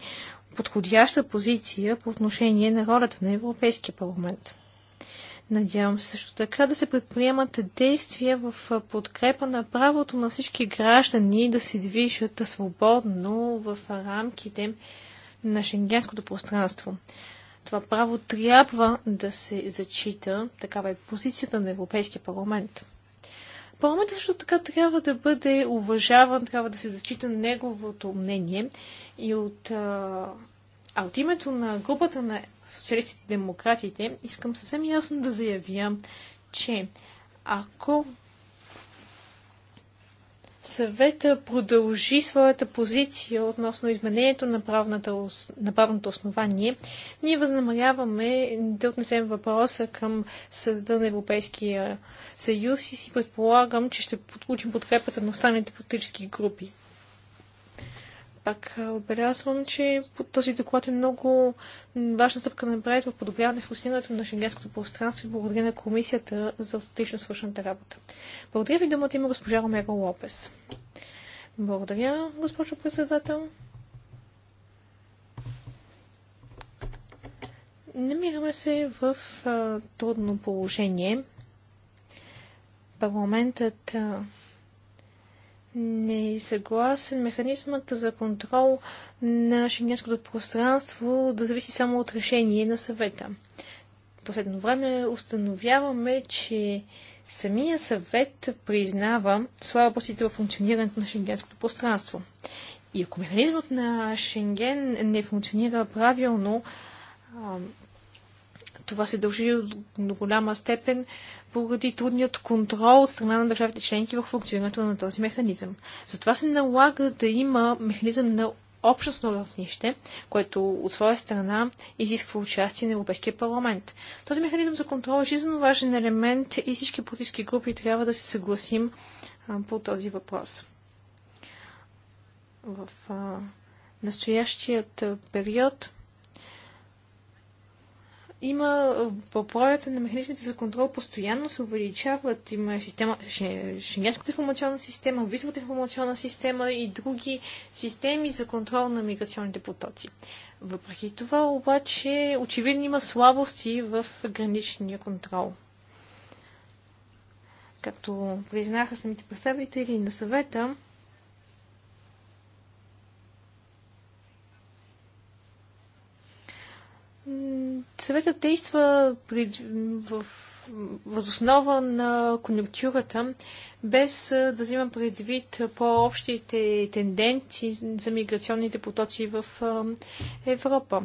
подходяща позиция по отношение на ролята на Европейския парламент. Надявам се също така да се предприемат действия в подкрепа на правото на всички граждани да се движат свободно в рамките на шенгенското пространство. Това право трябва да се зачита, такава е позицията на Европейския парламент. Парламентът също така трябва да бъде уважаван, трябва да се зачита неговото мнение и от а от името на групата на социалистите и демократите искам съвсем ясно да заявя, че ако Съвета продължи своята позиция относно изменението на, правната, на правното основание. Ние възнамеряваме да отнесем въпроса към Съда на Европейския съюз и си предполагам, че ще получим подкрепата на останалите политически групи пак отбелязвам, че този доклад е много важна стъпка на напред в подобряване в усилянето на шенгенското пространство и благодаря на комисията за отлично свършената работа. Благодаря ви, думата има госпожа Ромеро Лопес. Благодаря, госпожо председател. Намираме се в а, трудно положение. Парламентът а, не е съгласен механизмът за контрол на шенгенското пространство да зависи само от решение на съвета. В последно време установяваме, че самия съвет признава слабостите в функционирането на шенгенското пространство. И ако механизмът на Шенген не функционира правилно, това се дължи до голяма степен поради трудният контрол от страна на държавите членки в функционирането на този механизъм. Затова се налага да има механизъм на общностно равнище, което от своя страна изисква участие на Европейския парламент. Този механизъм за контрол е жизненно важен елемент и всички политически групи трябва да се съгласим по този въпрос. В а, настоящият период има броят на механизмите за контрол постоянно се увеличават. Има система, Шенгенската информационна система, Визовата информационна система и други системи за контрол на миграционните потоци. Въпреки това, обаче, очевидно има слабости в граничния контрол. Както признаха самите представители на съвета, Съветът действа пред, в възоснова на конъюнктурата, без да взимам предвид по-общите тенденции за миграционните потоци в Европа.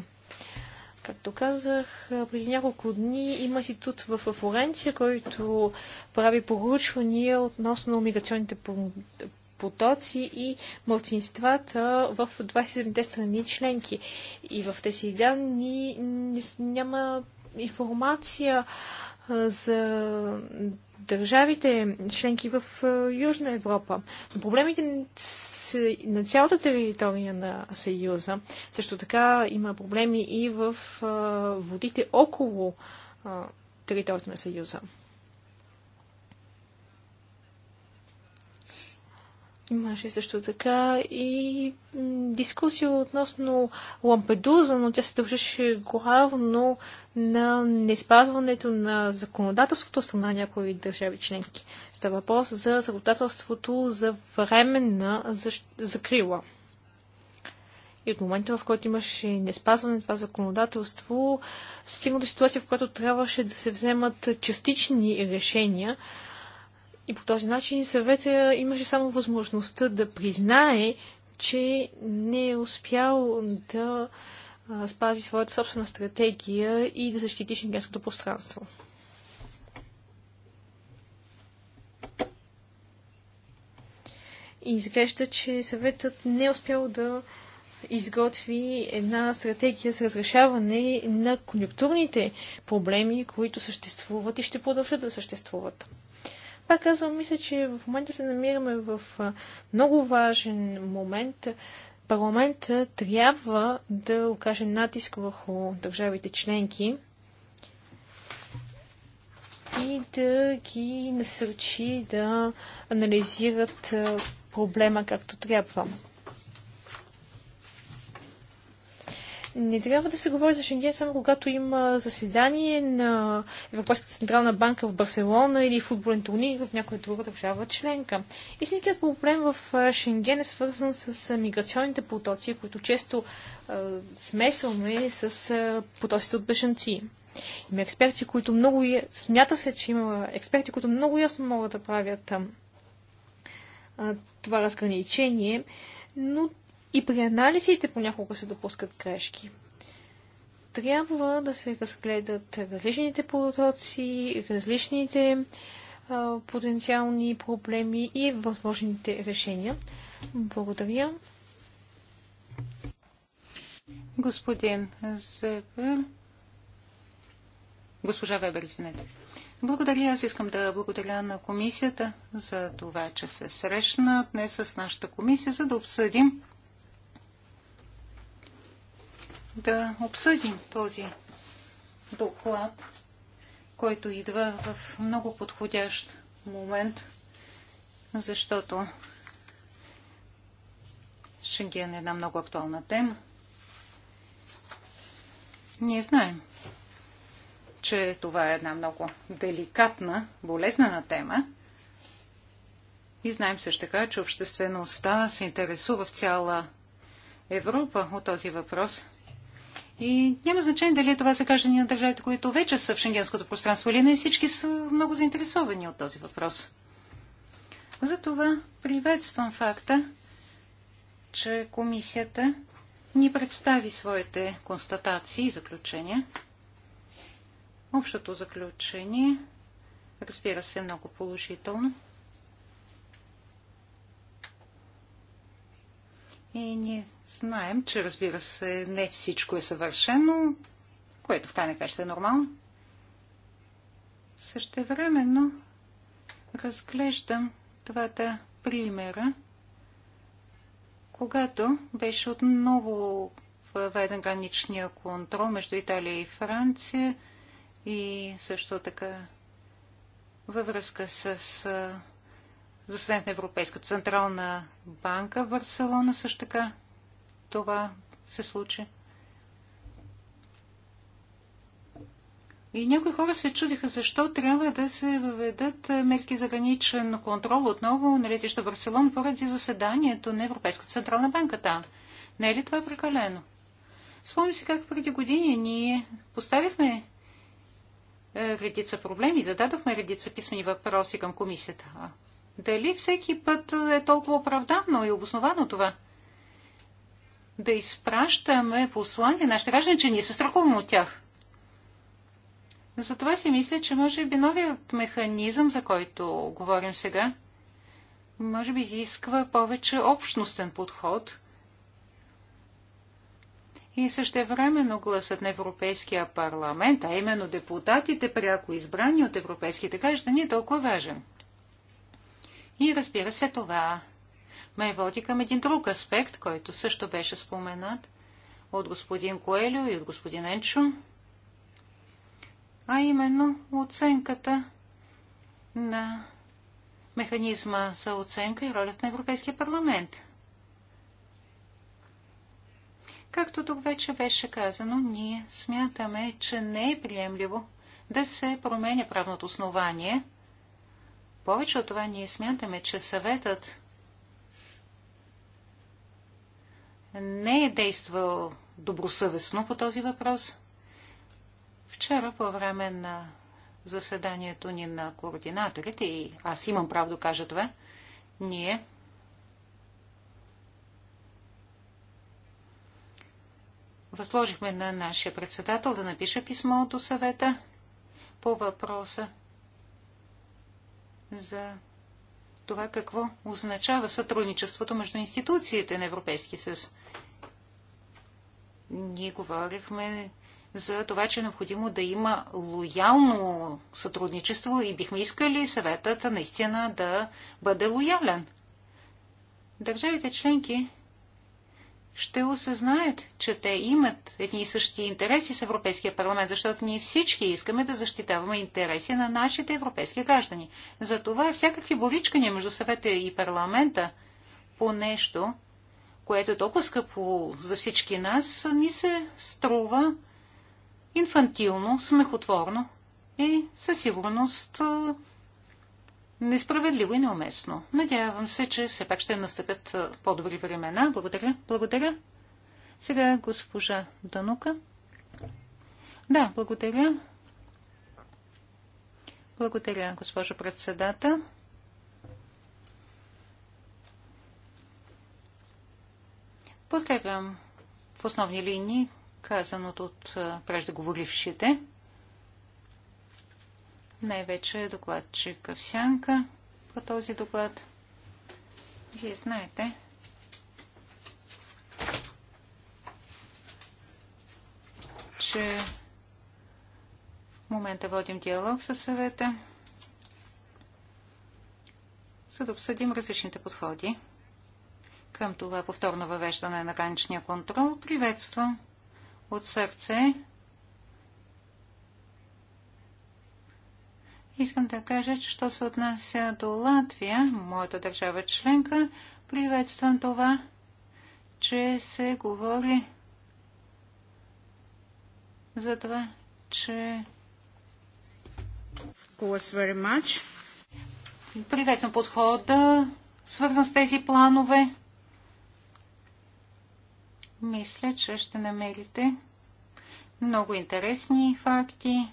Както казах, преди няколко дни има институт в Флоренция, който прави поручвания относно миграционните потоци и мълцинствата в 27-те страни членки. И в тези данни няма информация за държавите членки в Южна Европа. Но проблемите на цялата територия на Съюза. Също така има проблеми и в водите около територията на Съюза. Имаше също така и дискусия относно Лампедуза, но тя се дължеше главно на неспазването на законодателството страна някои държави членки. Става въпрос за законодателството за временна закрила. И от момента, в който имаше неспазване на това законодателство, стигна до ситуация, в която трябваше да се вземат частични решения, и по този начин съвета имаше само възможността да признае, че не е успял да спази своята собствена стратегия и да защити шенгенското пространство. И изглежда, че съветът не е успял да изготви една стратегия за разрешаване на конъюнктурните проблеми, които съществуват и ще продължат да съществуват. Пак казвам, мисля, че в момента се намираме в много важен момент. Парламента трябва да окаже натиск върху държавите членки и да ги насърчи да анализират проблема както трябва. Не трябва да се говори за Шенген само когато има заседание на Европейската централна банка в Барселона или футболен турнир в някоя друга държава членка. Истинският проблем в Шенген е свързан с миграционните потоци, които често е, смесваме с е, потоците от бежанци. Има експерти, които много... Смята се, че има експерти, които много ясно могат да правят а, това разграничение, но и при анализите понякога се допускат грешки. Трябва да се разгледат различните потоци, различните а, потенциални проблеми и възможните решения. Благодаря. Господин Зебер. Госпожа Вебер, извинете. Благодаря. Аз искам да благодаря на комисията за това, че се срещна днес с нашата комисия, за да обсъдим да обсъдим този доклад, който идва в много подходящ момент, защото Шенген е една много актуална тема. Ние знаем, че това е една много деликатна, болезнена тема. И знаем също така, че обществеността се интересува в цяла Европа от този въпрос – и няма значение дали това са граждани на държавите, които вече са в шенгенското пространство или не. Всички са много заинтересовани от този въпрос. Затова приветствам факта, че комисията ни представи своите констатации и заключения. Общото заключение, разбира се, е много положително. И ние Знаем, че разбира се, не всичко е съвършено, което в крайна краща е нормално. Същевременно разглеждам двата примера, когато беше отново въведен граничния контрол между Италия и Франция и също така във връзка с заседанието на Европейска централна банка в Барселона също така това се случи. И някои хора се чудиха защо трябва да се въведат мерки за граничен контрол отново на летище Барселон поради заседанието на Европейската централна банка там. Не е ли това прекалено? Спомни си как преди години ние поставихме е, редица проблеми, зададохме редица писмени въпроси към комисията. Дали всеки път е толкова оправдано и обосновано това? да изпращаме послания нашите граждани, че ние се страхуваме от тях. Затова си мисля, че може би новият механизъм, за който говорим сега, може би изисква повече общностен подход и същевременно гласът на Европейския парламент, а именно депутатите, пряко избрани от европейските граждани, е толкова важен. И разбира се, това ме води към един друг аспект, който също беше споменат от господин Коелю и от господин Енчо, а именно оценката на механизма за оценка и ролята на Европейския парламент. Както тук вече беше казано, ние смятаме, че не е приемливо да се променя правното основание. Повече от това ние смятаме, че съветът не е действал добросъвестно по този въпрос. Вчера по време на заседанието ни на координаторите, и аз имам право да кажа това, ние възложихме на нашия председател да напише писмо от съвета по въпроса за това какво означава сътрудничеството между институциите на Европейския съюз. Ние говорихме за това, че е необходимо да има лоялно сътрудничество и бихме искали съветът наистина да бъде лоялен. Държавите членки ще осъзнаят, че те имат едни и същи интереси с Европейския парламент, защото ние всички искаме да защитаваме интереси на нашите европейски граждани. Затова всякакви боричкания между съвета и парламента по нещо – което е толкова скъпо за всички нас, ми се струва инфантилно, смехотворно и със сигурност несправедливо и неуместно. Надявам се, че все пак ще настъпят по-добри времена. Благодаря. Благодаря. Сега госпожа Данука. Да, благодаря. Благодаря, госпожо председател. Подкрепям в основни линии казаното от преждеговорившите. Най-вече докладчика в сянка по този доклад. Вие знаете, че в момента водим диалог със съвета, за да обсъдим различните подходи към това повторно въвеждане на граничния контрол. Приветствам от сърце. Искам да кажа, че що се отнася до Латвия, моята държава членка, приветствам това, че се говори за това, че Приветствам подхода, свързан с тези планове. Мисля, че ще намерите много интересни факти.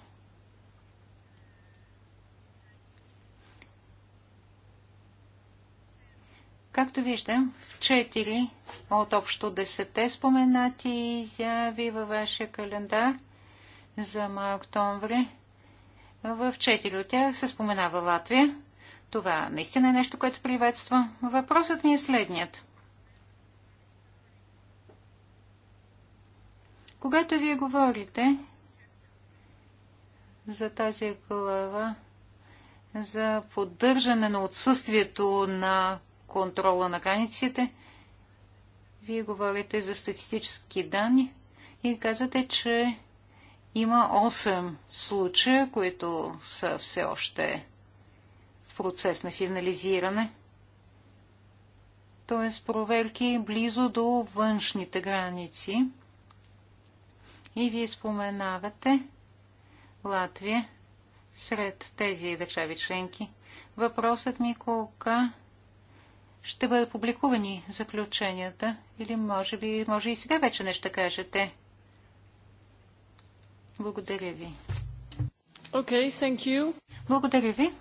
Както виждам, в 4 от общо 10 споменати изяви във вашия календар за май октомври, в 4 от тях се споменава Латвия. Това наистина е нещо, което приветства. Въпросът ми е следният. Когато вие говорите за тази глава, за поддържане на отсъствието на контрола на границите, вие говорите за статистически данни и казвате, че има 8 случая, които са все още в процес на финализиране, т.е. проверки близо до външните граници. И вие споменавате Латвия сред тези държави членки. Въпросът ми е кога ще бъдат публикувани заключенията или може би, може и сега вече нещо кажете. Благодаря ви. Okay, thank you. Благодаря ви.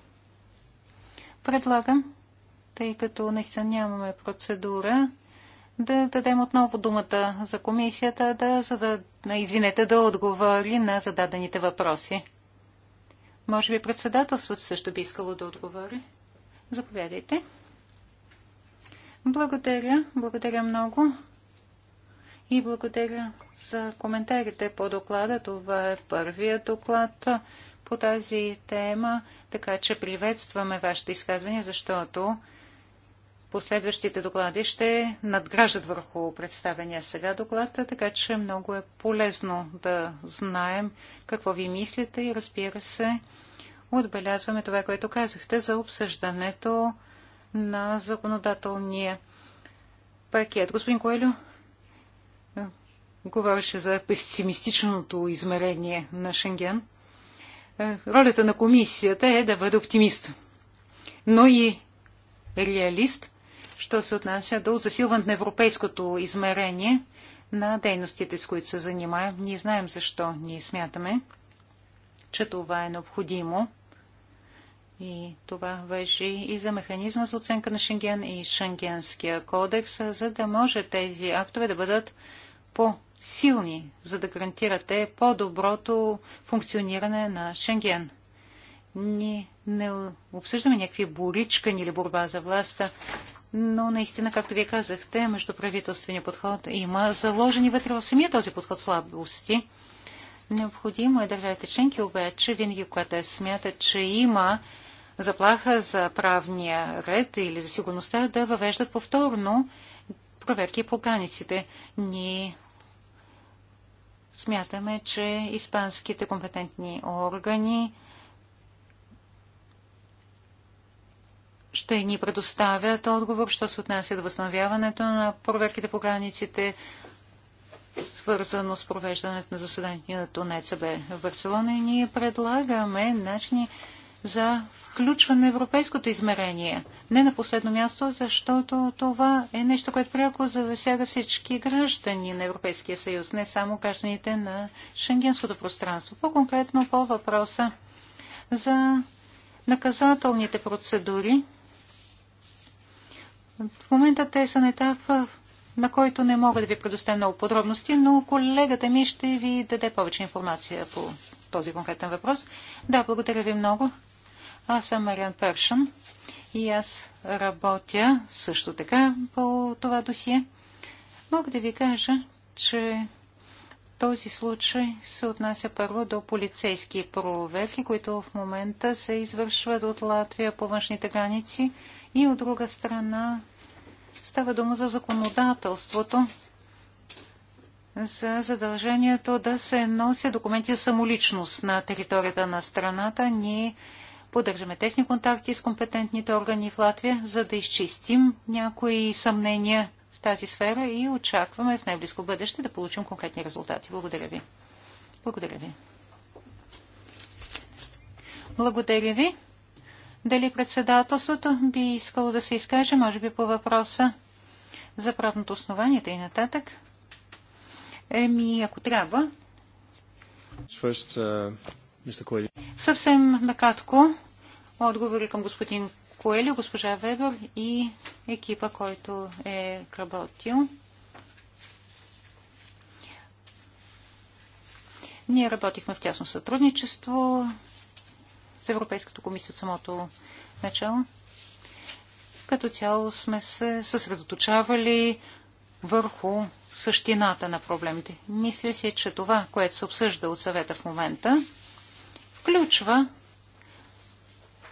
Предлагам, тъй като наистина нямаме процедура, да дадем отново думата за комисията да да, извинете, да отговори на зададените въпроси. Може би председателството също би искало да отговори. Заповядайте. Благодаря, благодаря много и благодаря за коментарите по доклада. Това е първият доклад по тази тема, така че приветстваме вашето изказване, защото последващите доклади ще надграждат върху представения сега доклад, така че много е полезно да знаем какво ви мислите и разбира се, отбелязваме това, което казахте за обсъждането на законодателния пакет. Господин Коелю, говореше за песимистичното измерение на Шенген. Ролята на комисията е да бъде оптимист, но и реалист що се отнася до засилване на европейското измерение на дейностите, с които се занимаем. Ние знаем защо ние смятаме, че това е необходимо. И това въжи и за механизма за оценка на Шенген и Шенгенския кодекс, за да може тези актове да бъдат по-силни, за да гарантирате по-доброто функциониране на Шенген. Ние не обсъждаме някакви боричкани или борба за властта но наистина, както вие казахте, междуправителствения подход има заложени вътре в самия този подход слабости. Необходимо е държавите членки обаче, винаги когато смятат, че има заплаха за правния ред или за сигурността, да въвеждат повторно проверки по границите. Ние смятаме, че испанските компетентни органи ще ни предоставят отговор, що се отнася до възстановяването на проверките по границите, свързано с провеждането на заседанието на ЕЦБ в Барселона и ние предлагаме начини за включване на европейското измерение. Не на последно място, защото това е нещо, което пряко засяга всички граждани на Европейския съюз, не само гражданите на шенгенското пространство. По-конкретно по въпроса за наказателните процедури в момента те са на етап, на който не мога да ви предоставя много подробности, но колегата ми ще ви даде повече информация по този конкретен въпрос. Да, благодаря ви много. Аз съм Мариан Першън и аз работя също така по това досие. Мога да ви кажа, че този случай се отнася първо до полицейски проверки, които в момента се извършват от Латвия по външните граници – и от друга страна става дума за законодателството, за задължението да се носи документи за самоличност на територията на страната. Ние поддържаме тесни контакти с компетентните органи в Латвия, за да изчистим някои съмнения в тази сфера и очакваме в най-близко бъдеще да получим конкретни резултати. Благодаря ви. Благодаря ви. Благодаря ви. Дали председателството би искало да се изкаже, може би, по въпроса за правното основание и нататък? Еми, ако трябва. First, uh, Съвсем накратко отговори към господин Коели, госпожа Вебер и екипа, който е работил. Ние работихме в тясно сътрудничество с Европейската комисия от самото начало. Като цяло сме се съсредоточавали върху същината на проблемите. Мисля си, че това, което се обсъжда от съвета в момента, включва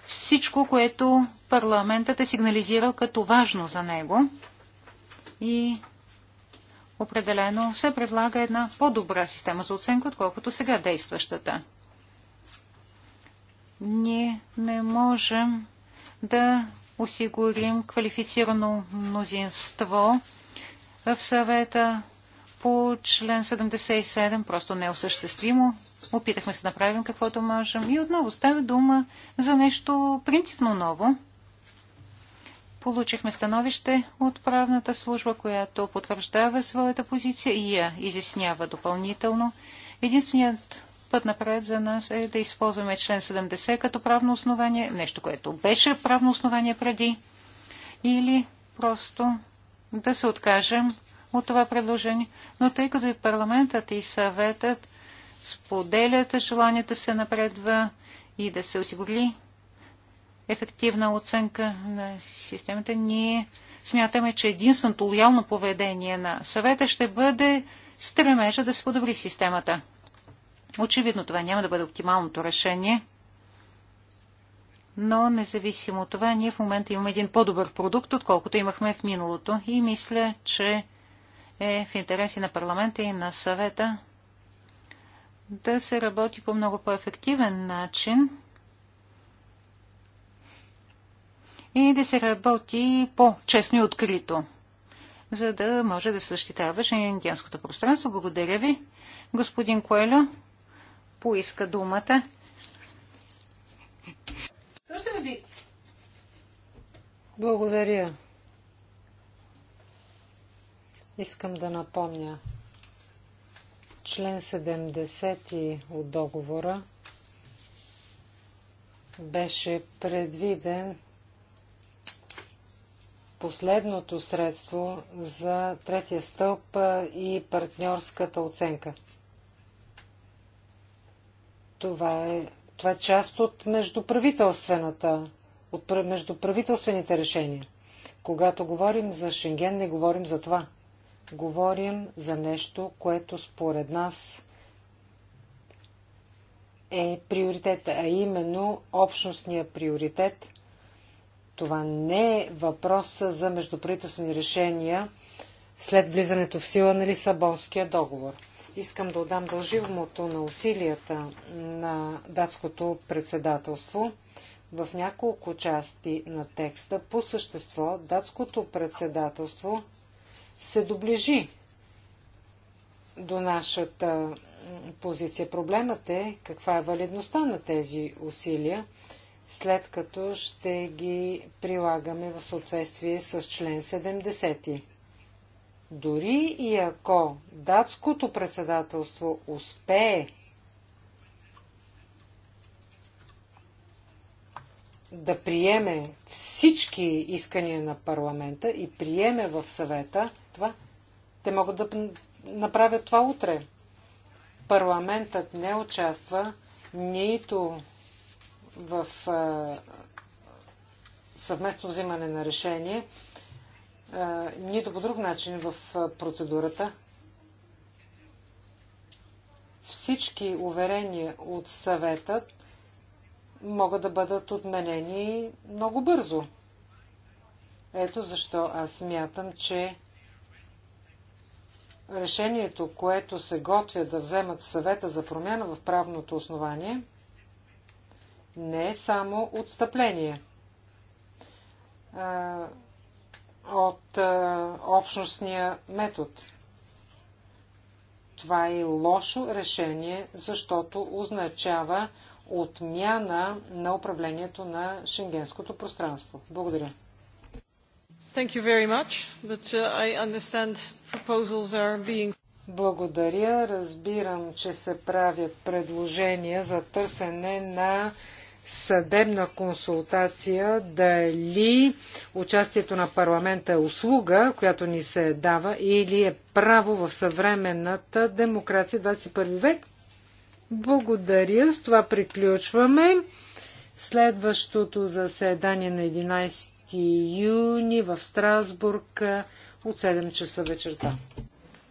всичко, което парламентът е сигнализирал като важно за него и определено се предлага една по-добра система за оценка, отколкото сега действащата ние не можем да осигурим квалифицирано мнозинство в съвета по член 77, просто не е осъществимо. Опитахме се да направим каквото можем и отново става дума за нещо принципно ново. Получихме становище от правната служба, която потвърждава своята позиция и я изяснява допълнително. Единственият път напред за нас е да използваме член 70 като правно основание, нещо, което беше правно основание преди, или просто да се откажем от това предложение. Но тъй като и парламентът и съветът споделят желанието да се напредва и да се осигури ефективна оценка на системата, ние смятаме, че единственото лоялно поведение на съвета ще бъде стремежа да се подобри системата. Очевидно това няма да бъде оптималното решение, но независимо от това, ние в момента имаме един по-добър продукт, отколкото имахме в миналото. И мисля, че е в интереси на парламента и на съвета да се работи по много по-ефективен начин и да се работи по-честно и открито, за да може да се защитава шенгенското пространство. Благодаря ви, господин Коелю поиска думата. Благодаря. Искам да напомня член 70 от договора беше предвиден последното средство за третия стълб и партньорската оценка. Това е, това е част от междуправителствената, от междуправителствените решения. Когато говорим за Шенген, не говорим за това. Говорим за нещо, което според нас е приоритет, а именно общностния приоритет. Това не е въпрос за междуправителствени решения след влизането в сила на Лисабонския договор. Искам да отдам дължимото на усилията на датското председателство в няколко части на текста. По същество, датското председателство се доближи до нашата позиция. Проблемът е каква е валидността на тези усилия, след като ще ги прилагаме в съответствие с член 70. Дори и ако датското председателство успее да приеме всички искания на парламента и приеме в съвета това, те могат да направят това утре. Парламентът не участва нито в съвместно взимане на решение, нито по друг начин в процедурата. Всички уверения от съвета могат да бъдат отменени много бързо. Ето защо аз смятам, че решението, което се готвя да вземат съвета за промяна в правното основание, не е само отстъпление от е, общностния метод. Това е лошо решение, защото означава отмяна на управлението на шенгенското пространство. Благодаря. Thank you very much, but uh, I understand proposals are being... Благодаря. Разбирам, че се правят предложения за търсене на съдебна консултация, дали участието на парламента е услуга, която ни се дава, или е право в съвременната демокрация 21 век. Благодаря. С това приключваме. Следващото заседание на 11 юни в Страсбург от 7 часа вечерта.